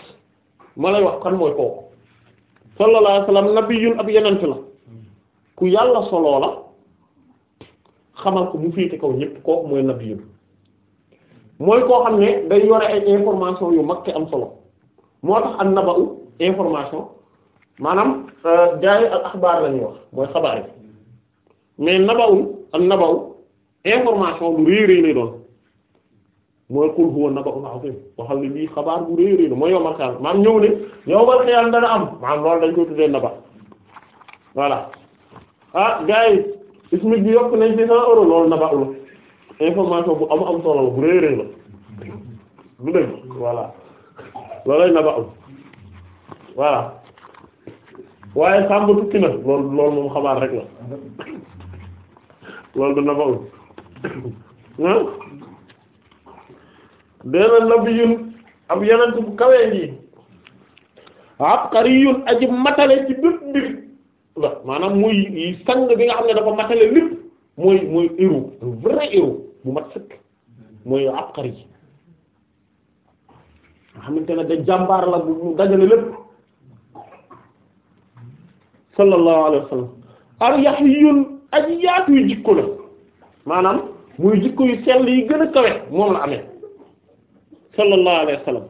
ma lay wax kan mooy kooku sallallahu alayhi wasallam ab yenent la ku yàlla soloo la xamal ko mu féete kaw ñépp kooku mooy nabiyu mooy koo xam ne day yore ay information yu mag te am solo moo tax an naba'u information maanaam euh, jaay al axbaar la wax mooy xabaar yi mais naba'u an naba'u information lu réy réy lay doon mooy qul huwa waxal ne lii xabaar bu réy réy mooy yowmal xiyaam maam ñëw ne yowmal xiyaam dana am maam loolu dañ koy tuddee naba voilà ah SMIC bi yokk nañ ci 100 euros loolu na baaxul information bu am am solo bu rëy rëy la lu dégg voilà loolay na baaxul voilà waaye sàmba tukki na loolu moom xabaar rek la loolu du na baaxul ah dana nabiyun ab yeneen bu kawee ngi abqariyun aji matale ci bépp mbir la maanaam muy sang bi nga xam ne dafa matale lépp mooy mooy héros un bu mat sëkk mooy abqari yi nga ne da jàmbaar la bu dajale lépp sallallahu alayhi wa sallam ar yahyun aji yaatu yu jikko la maanaam muy jikko yu sell yi gën a kawe moom la amee sallallahu alayhi wa sallam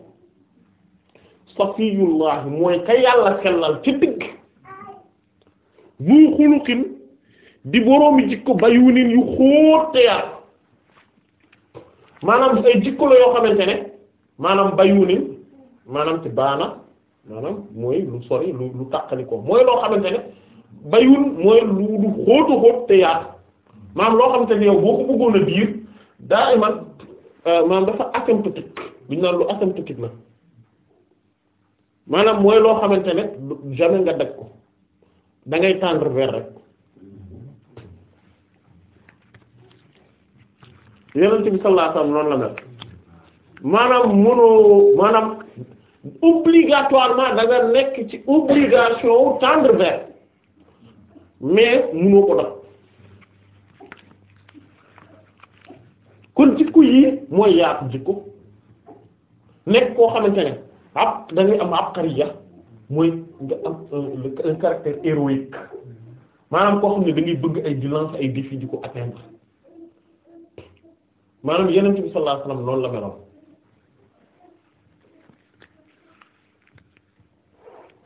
safiyullah mooy ka yàlla sellal ci bu xuluqin di boroomi jikko bayunin yu xóot te yaatu maanaam ay jikko la yoo xamante ne maanaam bayunin maanaam ci baana maanaam mooy lu sori lu lu mooy loo xamante ne bayun mooy lu lu xóotu xóot te yaatu maanaam loo xamante ne yow boo ko bëggoon a diir daa iman euh, maanaam dafa asymptotique bu ñu naan lu asymptotique la maanaam mooy loo xamante ne jamais nga daj ko da ngay tendre vers rek yonent bi sallallahu alayhi la mel maanaam mënoo maanaam obligatoirement da nekk ci obligation wu tendre mais mënoo ko def kon jikko yi mooy yaatu jikko nekk koo xamante ne ab da am ab xariya mooy nga am un caractère héroïque maanaam koo xam ne da bëgg ay di ay défis di ko atteindre maanaam yeneen bi sallallahu alayhi wasallam la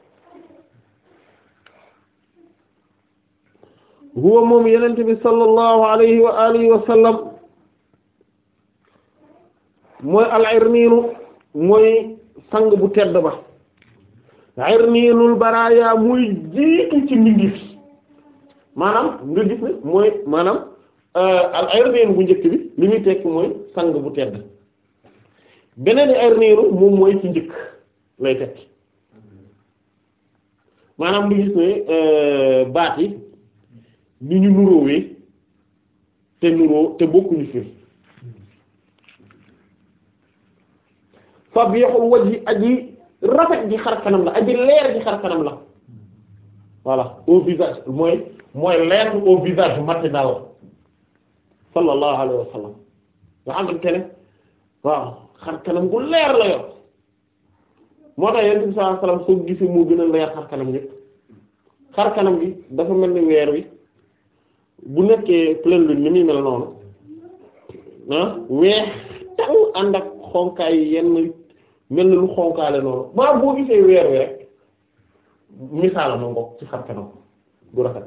meloon huwa moom yenente bi sallallahu alayhi wa alihi wa mooy al mooy sang bu tedd ba irniinul baraaya muy jiitu ci mbindeef maanaam nga gis ne mooy maanaam euh, al irniin bu njëkk bi li muy tekk mooy sang bu tedd beneen irniinu moom mooy ci njëkk lay tekk maanaam nga gis ne euh, baat yi ni ñu nuróowee te nuróo te bokkuñu fi fabihul wajhi aji rafet gi xar kanam la aji leer gi xar la voilà au visage mooy mooy leer au visage matinal sallallahu alayhi wa sallam nga xamante ne waaw xar gu leer la yor moo tax yonent bi sallallahu alayhi soo gisee moo gën a leer xar kanam yépp xar kanam bi dafa mel ni weer wi bu nekkee pleine lune ni muy mel noonu ah weex ànd ak xonkaay yenn mel na lu xonkaale noonu maa boo gisee weer wi rek misaala ma ci xar kanam bu rafet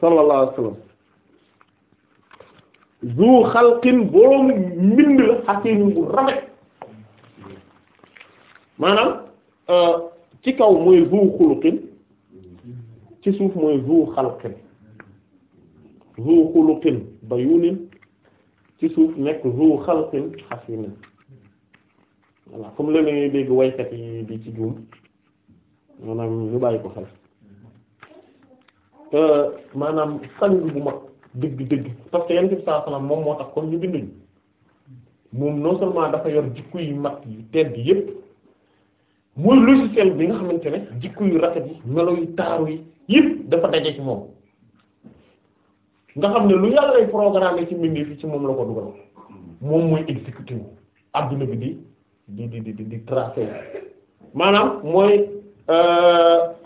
sallallahu alayhi wasallam mbind la xakiim bu rafet maanaam euh, ci kaw mooy zu xuluqin ci suuf mooy zu xalqin zu xuluqin bayunin ci suuf nekk zu xalqin voilà comme léeg-léeg ngay dégg waykat yi di ci juum maanaam ñu bàyyi ko xel euh, maanaam sang bu mag dëgg-dëgg parce que yonent bi sallallahu moom moo tax kon ñu binduñu moom non seulement dafa yor jikko yi mag yi tedd yépp mooy logiciel bi nga xamante ne jikko yu rafet yi melo yu taaru yi yépp dafa daje ci moom nga xam ne lu yàlla lay yi ci mbindeef yi ci moom la ko dugal moom mooy exécuter wu adduna bi di. di di di di tracer maanaam mooy euh,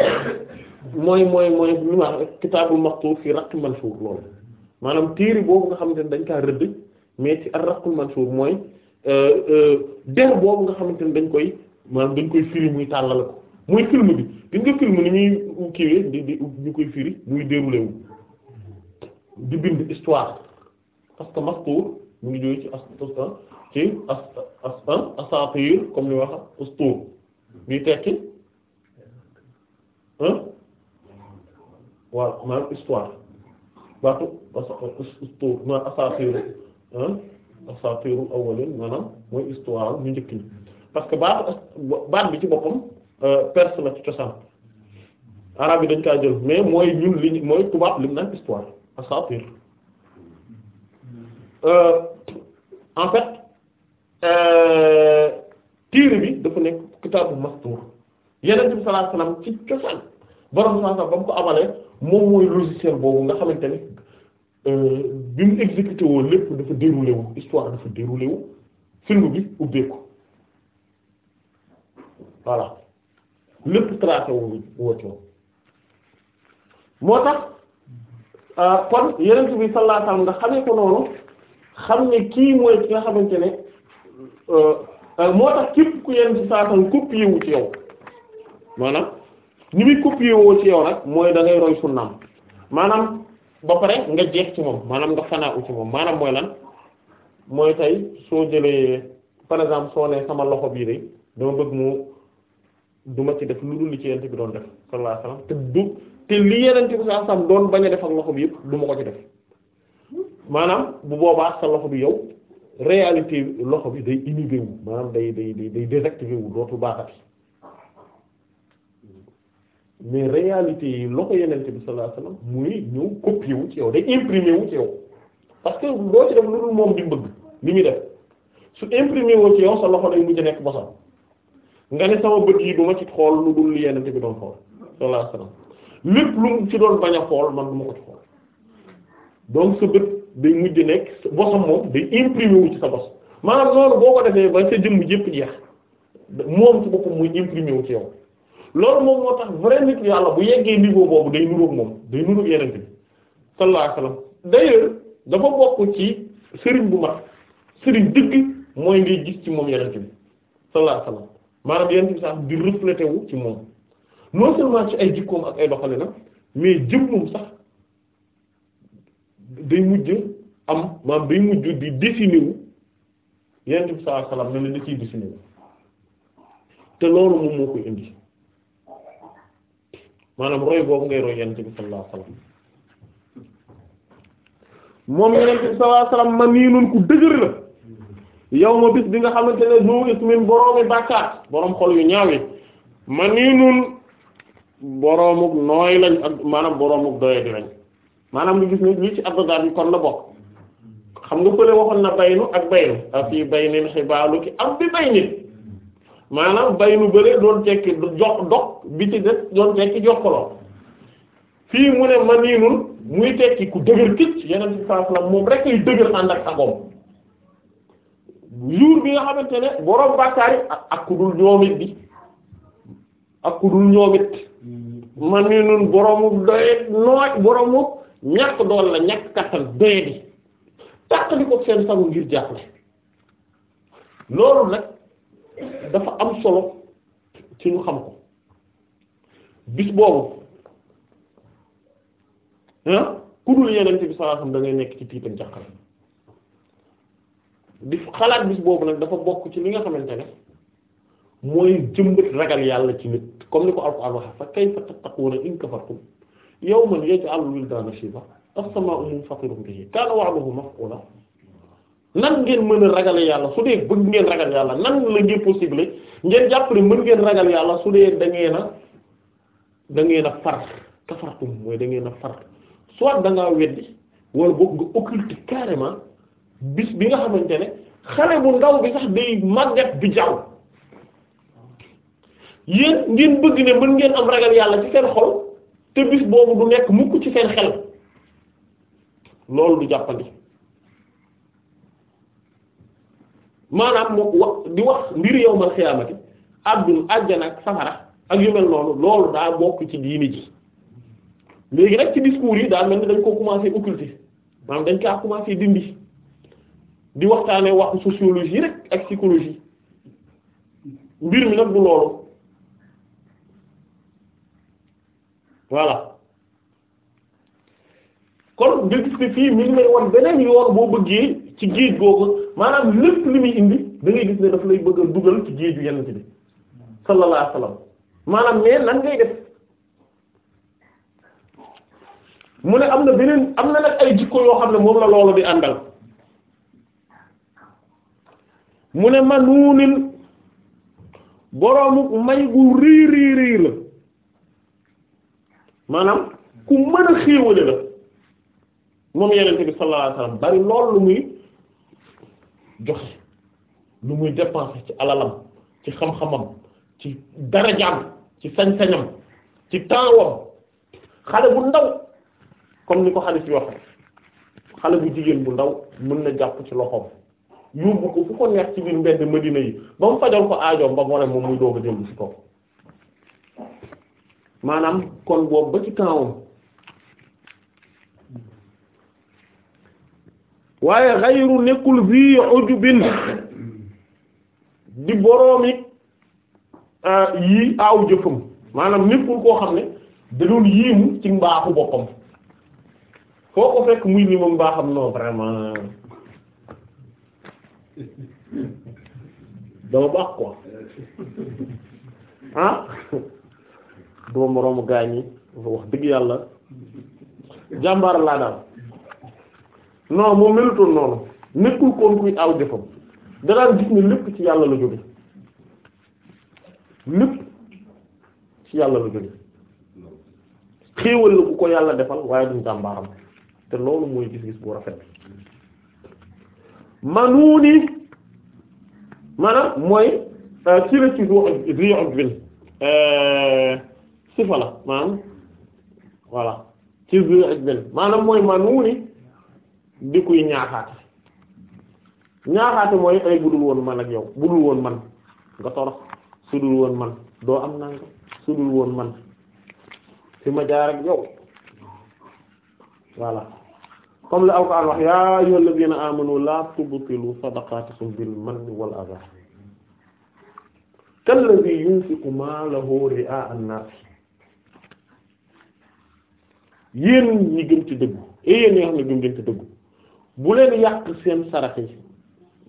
mooy mooy mooy lu ma kitaabul maxtuuf fi raqi mansuur loolu maanaam téere boobu nga xamante ne dañ kaa rëdd mais ci ar raqul mansuur mooy euh, euh, der boobu nga xamante ne dañ koy maanaam dañ koy firi muy tàllal ko muy film bi dañ ñu koy firi muy déroulé wu di bind histoire parce que mu ngi jóge ci astan comme ni wax ustuur bi tekki waaw maanaam histoire baatu ustuur maanaam asaatiiru asaatiiru maanaam mooy histoire ñu njëkk ñi parce que baat bi ci boppam euh, perse la ci cosaan arabe yi dañ kaa jël mais mooy ñun li mooy tubaab lim naan histoire asaatiir euh, en fait euh, téere bi dafa nekk kitaabu mastuur yeneen bi sallallahu alayhi ci cosaan borom saa ba mu ko amalee moom mooy logiciel boobu nga xamante ne euh, bi mu exécuté woo lépp dafa déroulé wu histoire dafa déroulé film bi ubbeeku voilà lépp tracé wu woote moo tax euh, kon yeneen bi sallallahu alayhi wasallam nga xamee ko noonu. xam ne kii mooy ki nga xamante ne euh, euh, moo tax képp ku yenn ci saasan copier wu ci yow maanaam ñi muy copier woo ci yow nag mooy da ngay roy sunnaam maanaam ba pare nga jeex ci moom maanaam nga fanaa u ci moom maanaam mooy lan mooy tey soo jëlee par exemple soo ne sama loxo biir de dama bëgg mu duma ci def lu dul li ci yent bi doon def sallallahu alayhi wasallam te du te li yenente bi sallallahu doon bañ a def ak loxo bi yëpp ma ko ci def maanaam bu boobaa sa loxo bi yow réalité loxo bi day inhibé wu maanaam day day day désactivé wu dootul baaxati mais réalité yi loxo yenente bi sallallahu alayhi wasallam muy ñëw copier wu yow parce que loo ci moom li muy def su imprimer woo ci yow sa loxo day mujj nekk bosam nga ne sama bët yi duma ci xool lu dul li yenente bi doon xool sallallahu alayhi wasallam lépp lu ci doon bañ a xool man du ma ko ci xool donc sa bët day mujj nekk bosam moom day imprimé wu ci sa bos maanaam loolu boo ko defee ba sa jëmm jëpp jeex moom ci boppam muy imprimé ci yow loolu moom moo tax vrai nit yàlla bu yeggee niveau boobu day nurook moom day nuroog yeneen bi sallallahu alayhi dafa bokk ci sëriñ bu mag sëriñ dëgg mooy ngay ci moom yeneen bi sallallahu alayhi wasallam maanaam yeneen bi sax di reflété ci moom non seulement ci ay jikkoom ak ay doxalinam mais jëmmum sax day mujj am maanaam day mujj di dessiné wu bi sallallahu alayhi wasallam ne ciy dessiné te loolu moom moo koy indi maanaam roy boobu ngay roy yonent bi sallallahu alayhi wasallam moom bi sallallahu man nii noonu ku dëgër la yow ma bis bi nga xamante ne nu ismin boroomi bàkkaat boroom xol yu ñaaw yi man nii noonu boroomuk nooy lañ ak maanaam boroomuk doye lañ maanaam lu gis ne lii ci abdogaar bi kon la bokk xam nga fële waxoon na baynu ak baynu a fii baynin xibaalu ki am bi baynin maanaam baynu bële doon tekki jox dog bi ci des doon tekki jokkaloo fii mu ne maniinul muy tekki ku dëgër kicc yeneen ci saaf la moom rek ay dëgër ànd ak sagoom jour bi nga xamante ne borom bàkkaar yi ak ku dul ñoomit bi ak ku dul ñoomit mm-hmm. maniinul boroomu doy nooy boroomu ñàkk dool la ñàkk kattan doye bi tàqali ko seen sago ngir jàppale loolu nag dafa am solo ci ñu xam ko bis boobu ah ku dul yeneen ci bi sallallahu alayhi wasallam nekk ci tiitam jàqale di xalaat bis boobu nag dafa bokk ci li nga xamante ne mooy jëmbat ragal yàlla ci nit comme li ko Alxuraan waxe fa kayfa tattaquuna in kafartum yawman yaj'alu wildaana shiiba as-samaa'u munfatirun bihi kaana wa'duhu maf'uula nan ngeen mën a ragal yàlla su dee bëgg ngeen ragal yàlla nan la ngeen possible ngeen jàpp ne mën ngeen ragal yàlla su dee da ngeen a da ngeen far kafartum mooy da ngeen a far soit da weddi wala boog nga occulter carrément bis bi nga xamante ne xale bu ndaw bi sax day màgget bi jaww yéen ngeen bëgg ne mën ngeen am ragal yàlla ci seen xol te boobu du nekk mukk ci seen xel loolu du jàppandi maanaam mu wax di wax mbir yow mal xiyaamati àddun àjjana ak safara ak yu mel noonu loolu daa bokk ci diini ji léegi nag ci discours yi daa mel ni dañ ko commencé occulter maanaam dañ kaa commencé dindi di waxtaanee waxu sociologie rek ak psychologie mbir mi nag du loolu voilà kon nga gis ne fii mi ngi lay wan beneen yoon boo bëggee ci géej googu maanaam lépp li muy indi dangay gis ne daf lay bëgg a dugal ci géeju yenn ci bi sallallahu alayhi wasallam maanaam mais nan ngay def mu ne am na beneen am na nag ay jikko yoo xam ne moom la loolu di àndal mu ne manuunin boroomu may gu riir maanaam ku mën a xéewale la moom yenente bi sallallahu bari lool lu muy joxe lu muy dépenser ci alalam ci xam-xamam ci darajaam ci sañ-sañam ci taawam xale bu ndaw kon ni ko xale ci wax xale bu jigéen bu ndaw mun na jàpp ci loxoom yóbbu ko fu ko neex ci biir mbedd Medina yi ba mu fajal ko aajoom ba mu ne moom muy doog a jël ci kaw maanaam kon boobu ba ci kanam waaye xayru nekkul fii ujubin di boroomi yii aaw jëfam maanaam nekkul koo xam ne da doon yiimu ci mbaaxu boppam foo ko fekk muy ni mbaaxam non vraiment dama baax quoi ah duma moroomu gaañ yi wax dëgg yàlla jàmbaar laa daal non moom melutoon noonu nekkul koon kuy aw jëfam da gis ne lépp ci yàlla la jóge lépp ci yàlla la jóge xéewal la bu ko yàlla defal waaye duñ jàmbaaram te loolu mooy gis-gis bu rafet manuuni maanaam mooy euh, ci la ci ruux ruux bin sifa la maanaam voilà ci zero ak benn maanaam mooy manuuni di kuy ñaaxaate ñaaxaate mooy ay budul woon man ak yow budul woon man nga torox sudul woon man doo am nanga sudul woon man fi ma jaar ak yow voilà comme le alquran wax yaa ayyuhal ladina amanu la tubtilu sadaqatikum bil manni wal adha kallazi yunfiqu malahu ri'a an-nas yéen ñi gëm ci dëggu et yéen ñi nga xam ne gëm ngeen ci dëggu bu leen yàq seen sarax yi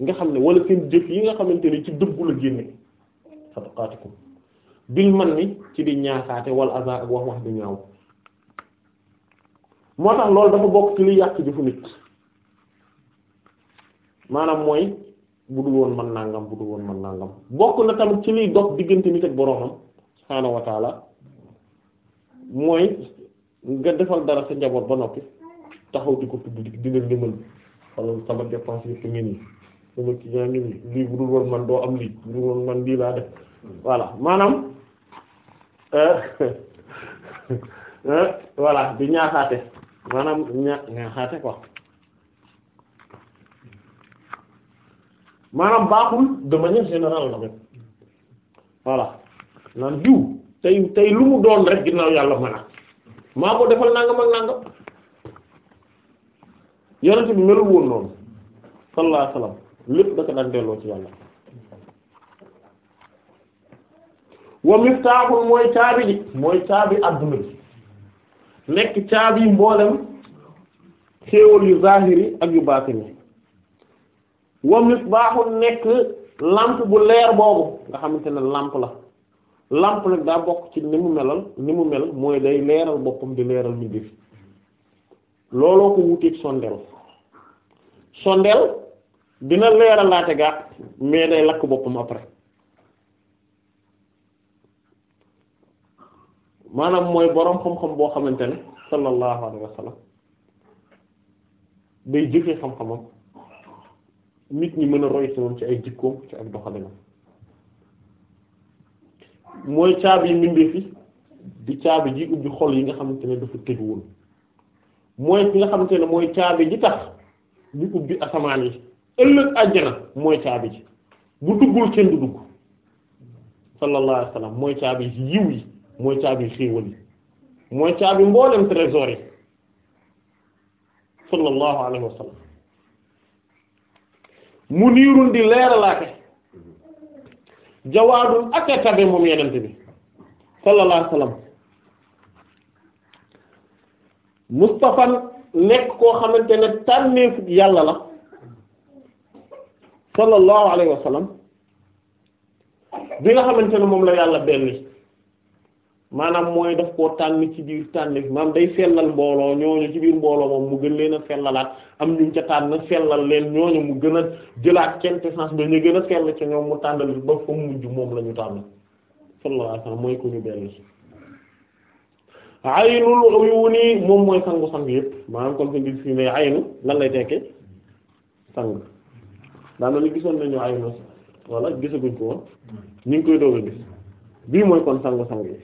nga xam ne wala seen jëf yi nga xamante ni ci dëggu la génne sadaqaatikum bil man ni ci di ñaaxaate wala azar ak wax wax di ñaaw moo tax loolu dafa bokk ci li yàq jëfu nit maanaam mooy bu dul woon man nangam bu dul woon man nangam bokk na tamit ci liy dox diggante nit ak boroomam subhaanahu mooy nga defal dara sa njaboot ba noppi taxaw di ko tudd di leen limal wala sama dépense yëpp ngeen yi sama kii yaa ngi nii lii bu dul woon man doo am lii bu dul woon man lii laa def voilà maanaam euh, euh, voilà di ñaaxaate maanaam ña ñaaxaate quoi maanaam naan jiw tey tey lu mu doon rek ginnaaw yàlla mën a maa ko defal nangam ak nangam yonent bi melu woon noonu sallallahu lépp da ko delloo ci yàlla wa miftaaxul mooy caabi ji mooy caabi adduna bi nekk caabi mboolem xéewal yu zahiri ak yu baatini wa misbaaxul nekk làmp bu leer boobu nga xamante ne lampe la làmp nag daa bokk ci ni mu melal ni mu mel mooy day leeral boppam di leeral mi def looloo ko wuteeg sondeel sondeel dina leeral laate gaat mais day lakk boppam après maanaam mooy boroom xam-xam boo xamante ne sallallahu alayhi wa sallam day jëfee xam-xamam nit ñi mën a roy ci moom ci ay jikkoom ci ak doxalinam mooy caabi yi mbindee fi di caabi ji ubbi xol yi nga xamante ne dafa tëj woon mooy ki nga xamante ne mooy caabi ji tax ñu ubbi asamaan yi ëllëg àjjana mooy caabi ji bu duggul kenn mooy caabi yiw yi mooy caabi xéewal yi mooy caabi mboolem trésor yi sallallahu alayhi wa sallam mu niirun di leeralaate jawaadun ak a tabe moom yenent bi sallallahu alayhi wasallam mustafan nekk koo xamante ne tànneefu yàlla la sallallahu alayhi wasallam bi nga xamante ne moom la yàlla benni maanaam mooy daf koo tànn ci biir tànn maam day sellal mbooloo ñooñu ci biir mbooloo moom mu gën leen a sellalaat am ñu ca tànn sellal leen ñooñu mu gën a jëlaat kenn te sens ba gën a sell ci mu tàndal ba fa mujj moom la ñu tànn sallallahu alayhi wasallam mooy ku ñu benn aynul uyuni moom mooy sangu sang yëpp maanaam kon fi gis a gis bii mooy kon sangu sang yi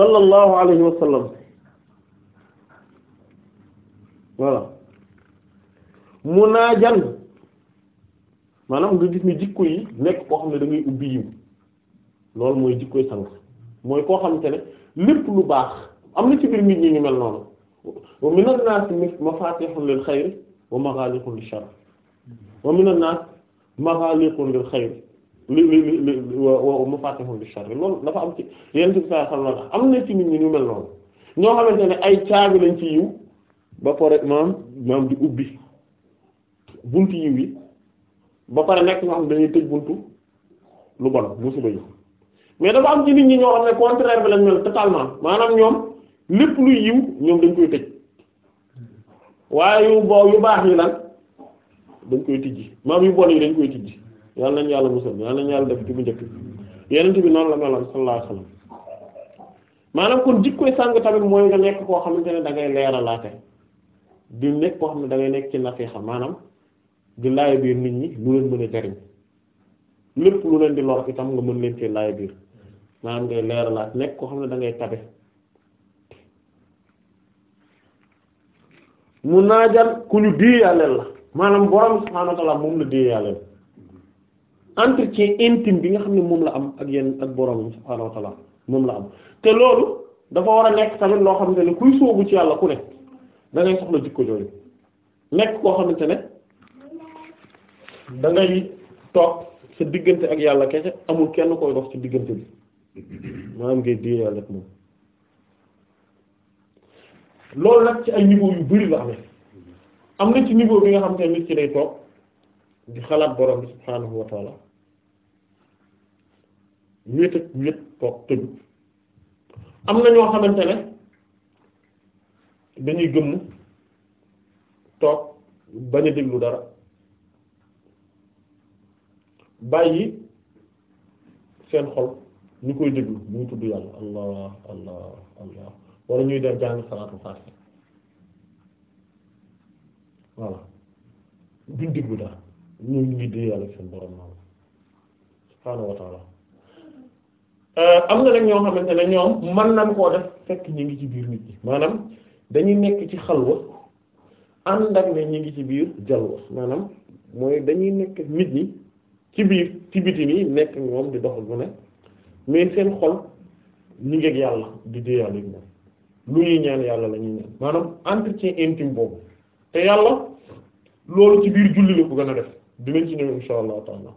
sallallahu alayhi wa sallam voilà munaajan maanaam nga gis ni jikko yi nekk koo xam ne da ngay ubbi yiw loolu mooy jikkoy sang mooy koo xamante ne lépp lu baax am na ci biir nit ñi ñu mel noonu wa mina naas mafaatihun lil xayri wa maghaliqun lil sharr wa mina naas maghaliqun lil xayri li li li li wa mafatihun bi sharri loolu dafa am ci yenn ci saa xam loolu am na ci nit ñi ñu mel noonu ñoo xamante ne ay caabi lañ ci yiw ba pare maam maam di ubbi bunt yiw yi ba pare nekk ñoo xam dañuy tëj buntu lu bon musiba yi mais dafa am ci nit ñi ñoo xam ne contraire bi lañ mel totalement maanaam ñoom lépp luy yiw ñoom dañ koy tëj waaye yu boo yu baax yi nag dañ koy tijji maam yu bon yi dañ koy tijji yal nañ yàlla musal yal nañu yàlla def ci bu njëkk yenent bi noonu la meloon sallallahu alayhi wasallam maanaam kon jikkoy sàng tamit mooy nekk koo xamante ne da ngay leeralaate di nekk koo xam ne da ngay nekk ci nasiixa maanaam di laaya nit ñi lu leen mën nga mën leen ci laaya biir maanaam ngay leeralaat nekk koo xam ne da ngay mu naajal ku ñu déeyaaleel la maanaam borom subhaanahu moom la déeyaaleel entretien intime bi nga xam ne moom la am ak yenn ak boroomam subhaanahu wa ta'ala moom la am te loolu dafa war a nekk tamit loo xamante ne kuy sóobu ci yàlla ku ne da ngay soxla jikko jooju nekk koo xamante ne da ngay toog sa diggante ak yàlla kese amul kenn koy dox ci diggante bi maanaam ngay dee yàlla moom loolu nag ci ay niveau yu bari la amee am na ci niveau bi nga xam te nit ci day toog di xalaat borom bi subhaanahu wa taala wéet ak wéet toog tëju am na ñoo xamante ne dañuy gëmm toog bañ déglu dara bàyyi seen xol ñu koy déglu muy tudd yàlla allah allah allah wala ñuy def jàng salaatul faatiha voilà duñ déglu dara ñu ngi dee yàlla seen borom moom subhaanahu wa taala euh, am na nag ñoo xamante ne ñoom mën nañ ko def fekk ñu ngi ci biir nit ñi maanaam dañuy nekk ci xalwa ànd ak ne ñu ngi ci biir jalwa maanaam mooy dañuy nekk nit ñi ci biir ci biti nii nekk ñoom di doxal bu mais seen xol ñu ngeeg yàlla di dee yàlla lu ñuy ñaan yàlla la ñuy ñaan maanaam entretien intime boobu te yàlla loolu ci biir julli la ko gën a def dinañ ci ñëw insha allahu taala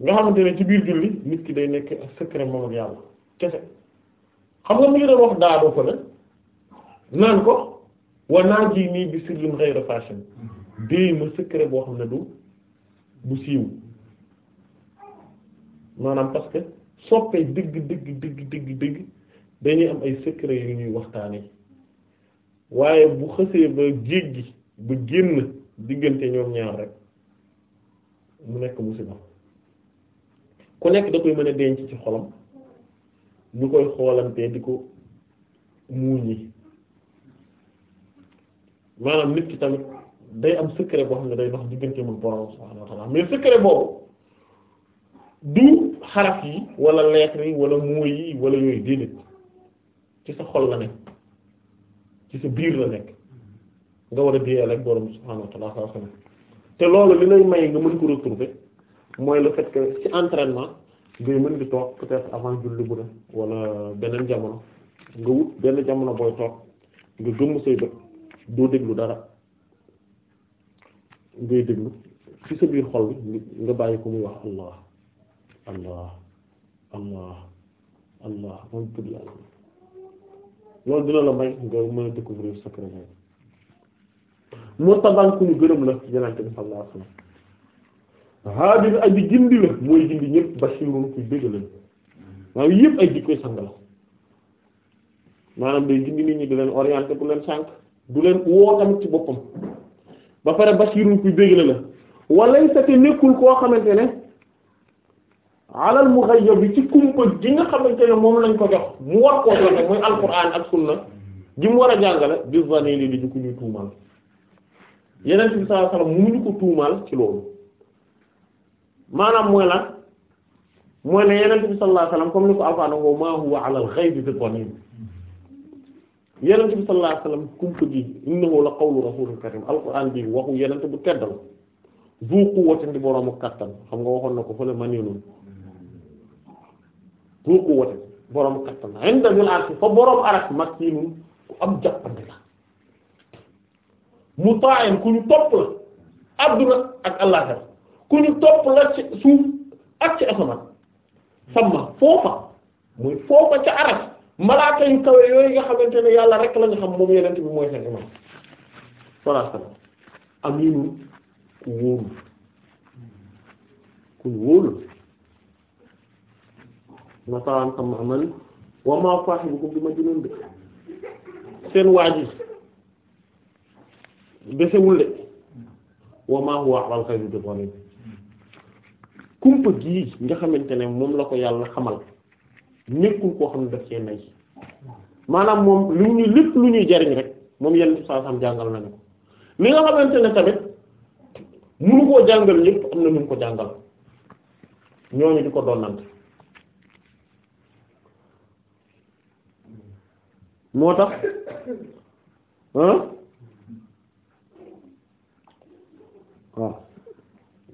nga xamante ne ci biir julli nit ki day nekk secret moom ak yàlla kese xam nga mu ngi doon wax daadoo fële naan ko wa naa ji nii bi sirrin ghayra fashion déy ma secret boo xam ne du bu siiw maanaam parce que soppee dëgg dëgg dëgg dëgg dëgg dañuy am ay secret yu ñuy waxtaane waaye bu xësee ba jéggi ba génn diggante ñoom ñaar rek mu nekk musiba ku nekk da koy mën denc ci xolam ñu koy xoolantee di ko muuñi maanaam nit ki tamit day am secret boo xam ne day dox diggante mu borom subhaanahu wa ta'ala mais secret boobu du xaraf yi wala lettre yi wala muuy yi wala yooyu déedéet ci sa xol la nekk ci sa biir la nekk nga war a déeyal ak borom subhaanahu wa ta'ala saa su te loolu li lay may nga mën ko retrouver mooy la fait ci entraînement ngay mën di toog peut-être avant julli bu ne wala beneen jamono nga wut benn jamono booy toog nga gëmm say bët doo déglu dara ngay déglu ci sa biir xol nga bàyyi ko muy wax allah allah allah allah moom tudd yàlla loolu dina la may nga mën a découvrir secret murtadan ku ñu gërëm la yenente bi sallallahu alayhi wasallam haadi bi aji gindi la mooy gindi ñëpp bashirun kuy dégg lañ maanaam yëpp ay jikkoy sang la maanaam day gindi nit ñi di leen orienté bu leen sànq du leen woo tamit ci boppam ba pare bashirun kuy dégg la walay sa te nekkul koo xamante ne alal mughayyab bi ci kumpa gi nga xamante ne moom lañ ko jox mu war koo joxe muy alquran ak sunna gi mu war a jàngale di vaneli di ñu ñuy tuumal yeneen bi sallallahu alayhi wasallam mënuñu ko tuumaal ci loolu maanaam mooy lan mooy ne yeneen bi sallallahu alayhi wasallam comme ni ko alfaana ngoo maa huwa ala al-ghaybi bi dhanin yeneen bi sallallahu alayhi wasallam kumpa gi innahu la qawlu rasulin karim alquran bi waxu yeneen bu teddal du quwwatin di boroomu kattan xam nga waxoon na ko fële maniinun du quwwatin boroomu kattan inda dil arsi fa ku am jàppandi la mu taayan ku ñu topp la adduna ak àllaxir ku ñu topp la ci suuf ak ci sama foofa muy foofa ca aras malaaka yu kawe yooyu nga xamante ne yàlla rek la nga xam moom yenent mooy seen imam voilà sama aminu ku wóolu ku ñu wóolu mataan sama amal wa ma faaxibukum bi ma junoon de seen waaji desewul de wa maa huwa alal xaybi bi daniin kumpa gii nga xamante ne moom la ko yàlla xamal nekkul koo xam ne daf cee nay maanaam moom lu ñu lépp lu ñuy jariñ rek moom yenn saa sam jàngal nañu ko li nga xamante ne tamit mënu koo jàngal lépp am na ñu ko jàngal ñooñu di ko donnante moo tax ah waaw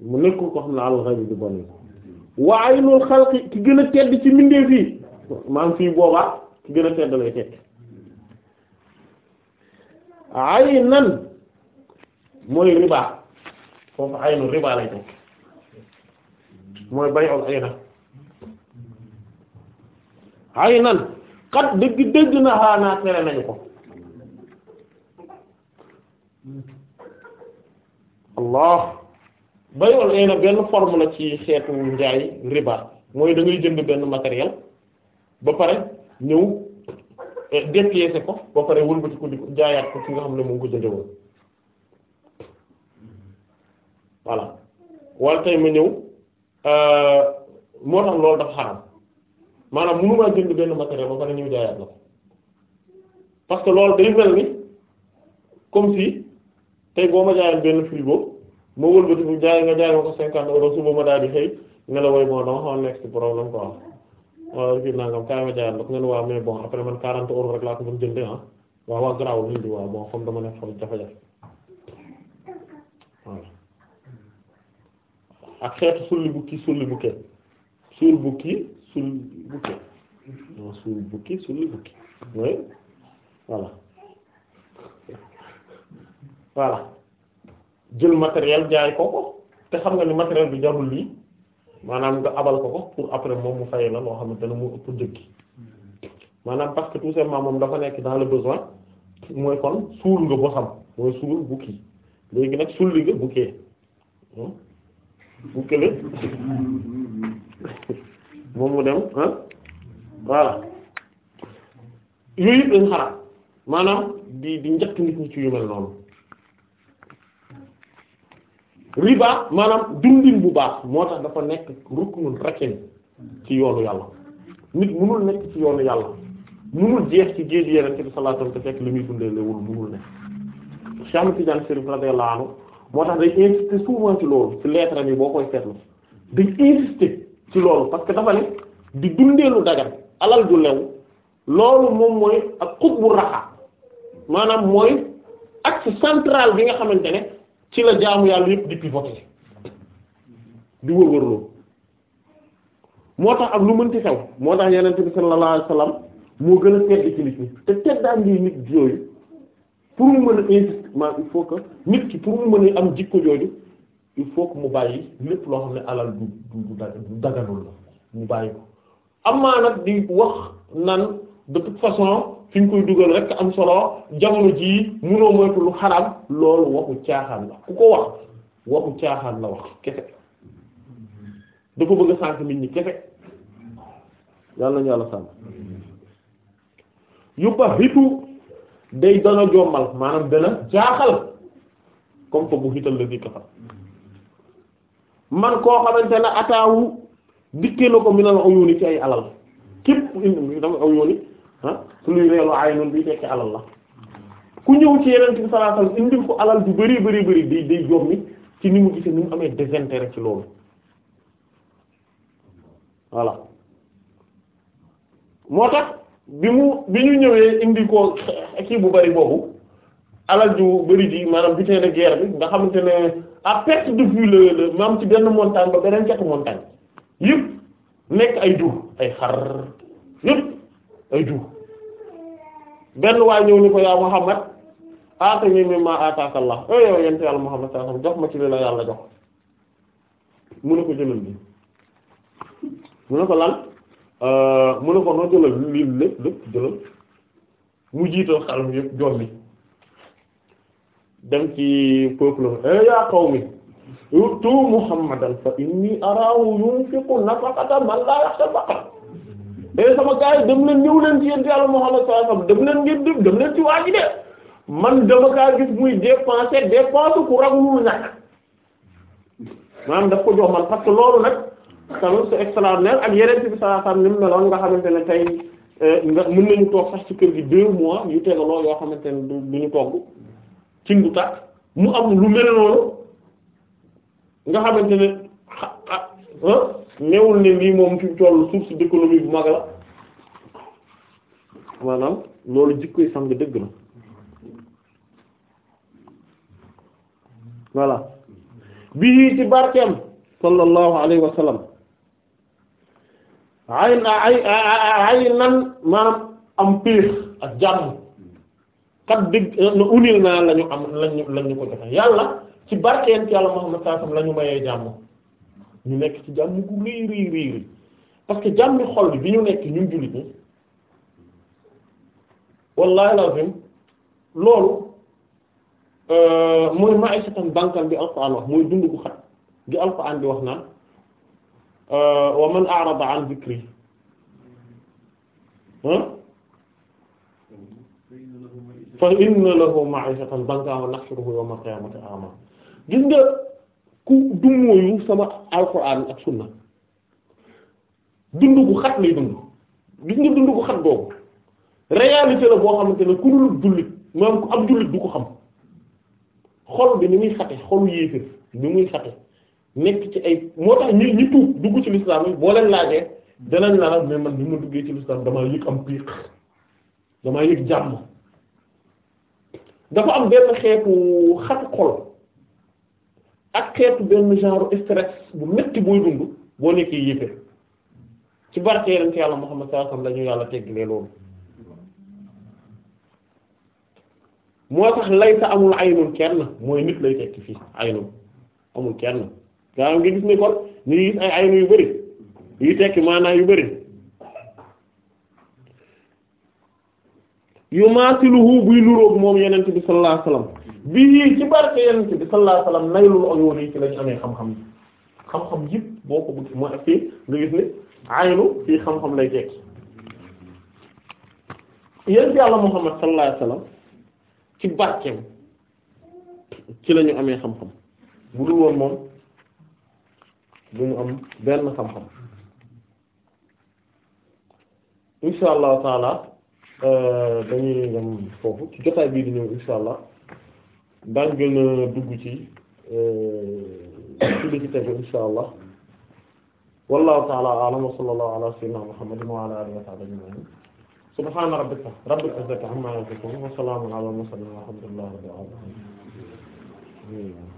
mu nekk ko xam ne àlxabi di bon wa aynul xalqi ki gën a tedd ci mbindeef yi maanaam fii boobaa ki gën a tedd lay tedd ay nan mooy riba foofu aynu riba lay teg mooy bay'ul ayna ay nan kat dëgg dëgg na xaanaa tere nañu ko allah bayool nee na benn forme na ci xeetu njaay riba mooy da ngay jënd benn matériel ba pare ñëw eh, dépiécé ko ba pare wëlbati ko di ko jaayaat ko fi nga xam ne moom ko jënde woon voilà wala ñëw euh, moo tax loolu dafa maanaam mënu maa jënd benn matériel ba pare ñëw jaayaat la ko parce que day mel ni comme si tey boo ma jaayoon benn frigo ma wëlbati bu jaay nga jaay ma ko cinquante euros suba ma daal xëy nga la dama xaw nekk ci problème ko mën jëndee ah waaw waaw di waaw bon comme dama nekk xam jafe ak xeetu sulli bukki sulli bukki sul bukki sulli bukki oui voilà voilà jël matériel jaay ko ko te xam nga ni matériel bi jarul lii maanaam nga abal ko ko pour après moom mu fay la loo xamante ne mu ëpp njëg gi maanaam parce que tout simplement moom dafa nekk dans le besoin mooy kon suul xam mooy suul bukki nag sulli nga hmm? moom mu dem ah voilà yooyu yëpp lañ maanaam di di njëkk nit ñi ci yu mel noonu riba maanaam dundin bu baax moo tax dafa nekk ruknul rakin ci yoonu yàlla nit munul nekk ci yoonu yàlla munul jeex ci géej yeneen ci bi sallallahu alayhi wasallam te fekk li muy dundee léwul munul nekk Cheikh Ahmad Tidiane Chérif moo tax day insister souvent ci loolu ci lettre bi boo koy seetlu day insister ci loolu parce que dafa ne di dundee lu alal du lew loolu moom mooy ak xutbu raxa maanaam mooy axe central bi nga xamante ne ci la jaamu yàlla yëpp di pivoter di wërwërloo moo tax ak lu mënti xew moo tax yenente bi sallallahu alayhi wasallam moo gën a tedd pour mu mën a insistement il faut que nit ki pour mu mën a am jikko jooju il faut que mu bàyyi lépp loo xam ne alal du du du la mu bàyyi ko am maa nag di wax nan de toute façon fi nga koy dugal rek am solo jamono jii munoo moytu lu xaraam loolu waxu caaxaan la ku ko wax waxu caaxaan la wax kese dafa bëgg a sànk nit ñi kese yàlla ñu yàlla sànk yóbba xitu day dana jommal maanaam dana jaaxal comme ko bu xital la si man koo xamante ne ataawu dikkee na ko minal uyuni ci ay alal képp dama uyuni ah suñuy reelu aay noonu bi tekki alal la ku ñëw ci yeneen bi sallallahu alayhi wasallam ko alal bu bari bëri bari di day jox ci ni mu gisee ni mu amee désintérêt ci loolu voilà moo tax bi mu bi ñu ñëwee indi ko kii bu bari boobu alal ju bëri di maanaam butin de guerre bi nga xamante ne à perte de vue le maam ci benn montagne ba beneen cetu montagne yëpp nekk ay jur ay xar yëpp ay jur benn waay ñëw ni ko yaa Muhammad aatani mimma aataaka Allah eh yow yonent yàlla Muhammad sallallahu alayhi jox ma ci li la yàlla jox mu ne ko jëlal bi mu ne ko lan euh, mu ne ko noo jëlal lii lépp lépp jëlal mu jiital xalam yëpp jolli dem ci peuple eh yaa qawmi utu Muhammadan fa inni araahu yunfiqu nafaqatan man laa yaxsha al-faqr mais eh, sama gars dem leen ñëw leen ci yéen ci yàlla Muhammad sallallahu alayhi wasallam dem leen ngeen dem dem leen ci waa ji de man dama kaa gis muy dépenser dépense ku raglul ñàkk maanaam daf ko jox man parce que loolu nag tamit c'est extraordinaire ak yeneen ci bi sallallahu mu meloon nga xamante ne tey eh, nga mën nañu toog sax ci kër gi deux mois yu tegaloo yoo xamante ne du du ñu togg ci ngu tàkk mu am lu mel noonu nga xamante ne ah newul ne lii moom fi mu toll source d'économie bu mag la maanaam loolu jikkoy sang dëgg la voilà bii ci barkeem sallallahu alayhi wa sallam ay ay ay nan maanaam am piir ak jàmm kat dëgg na unil naa lañu am lañu ko joxe yàlla ci barkeem ci yàlla Muhammad sallallahu alayhi wa lañu mayee jàmm ñu nekk ci jàmm gu rëy rëy parce que jàmmi xol bi bi ñu nekk ñun jullit ñi wallahi lazim loolu euh, mooy ma'ishatan bankan bi alquran wax mooy dund gu xat gi alquran bi wax naan euh, wa man a'rada an dhikri fa inna lahu ma'ishatan bankan wa nahshuruhu yawma qiyamati a'ma gis nga ku dummóoyu sama alquran ak sunna dund gu xat lay dund gis nga dund gu xat boobu réalité la boo xamante ne ku dul jullit maanaam ku ab jullit du ko xam xol bi ni muy xate xolu yéefér ni muy xate nekk ci ay moo tax ñi ñi tuub dugg ci lislaam yi boo leen laajee danañ la mais man ni ma duggee ci lislaam damaa yëg am piiq damaa yëg jàmm dafa am benn xeetu xat xol ak xeetu benn genre stress bu métti booy dund boo nekkee yéeféer ci barke yonent yàlla Muhammad sallallahu alayhi wasallam lañu yàlla teggilee loolu moo tax laysa amul aynun kenn mooy nit lay tekki fii aynun amul kenn gaa nga gis ni kon ñu gis ay aynu yu bari yu tekki maanaam yu bari yu maasiluhu buy luroog moom yonent bi sallallahu alayhi bi yii ci barke yonent bi sallallahu alayhi wasallam naylul uyuun yi ci lañ amee xam-xam yi xam-xam yëpp boo ko bëgg mooy ak fii nga gis ne aynu fii xam-xam lay tekk yonent yàlla Muhammad lañu amee xam-xam bu dul woon moom du ñu am benn xam-xam insha allah euh, dañuy dem foofu ci jotaay bii di ñëw insha daañ gën a dugg ci euh, ci li ci tegu insha allah wallahu taala a'lam wa sallallahu ala sayyidina muhammadin wa ala alihi wa sahbihi ajma'in subhana rabbika rabbil izzati amma yasifun wa salamun ala al mursalin walhamdulillahi rabbil alamin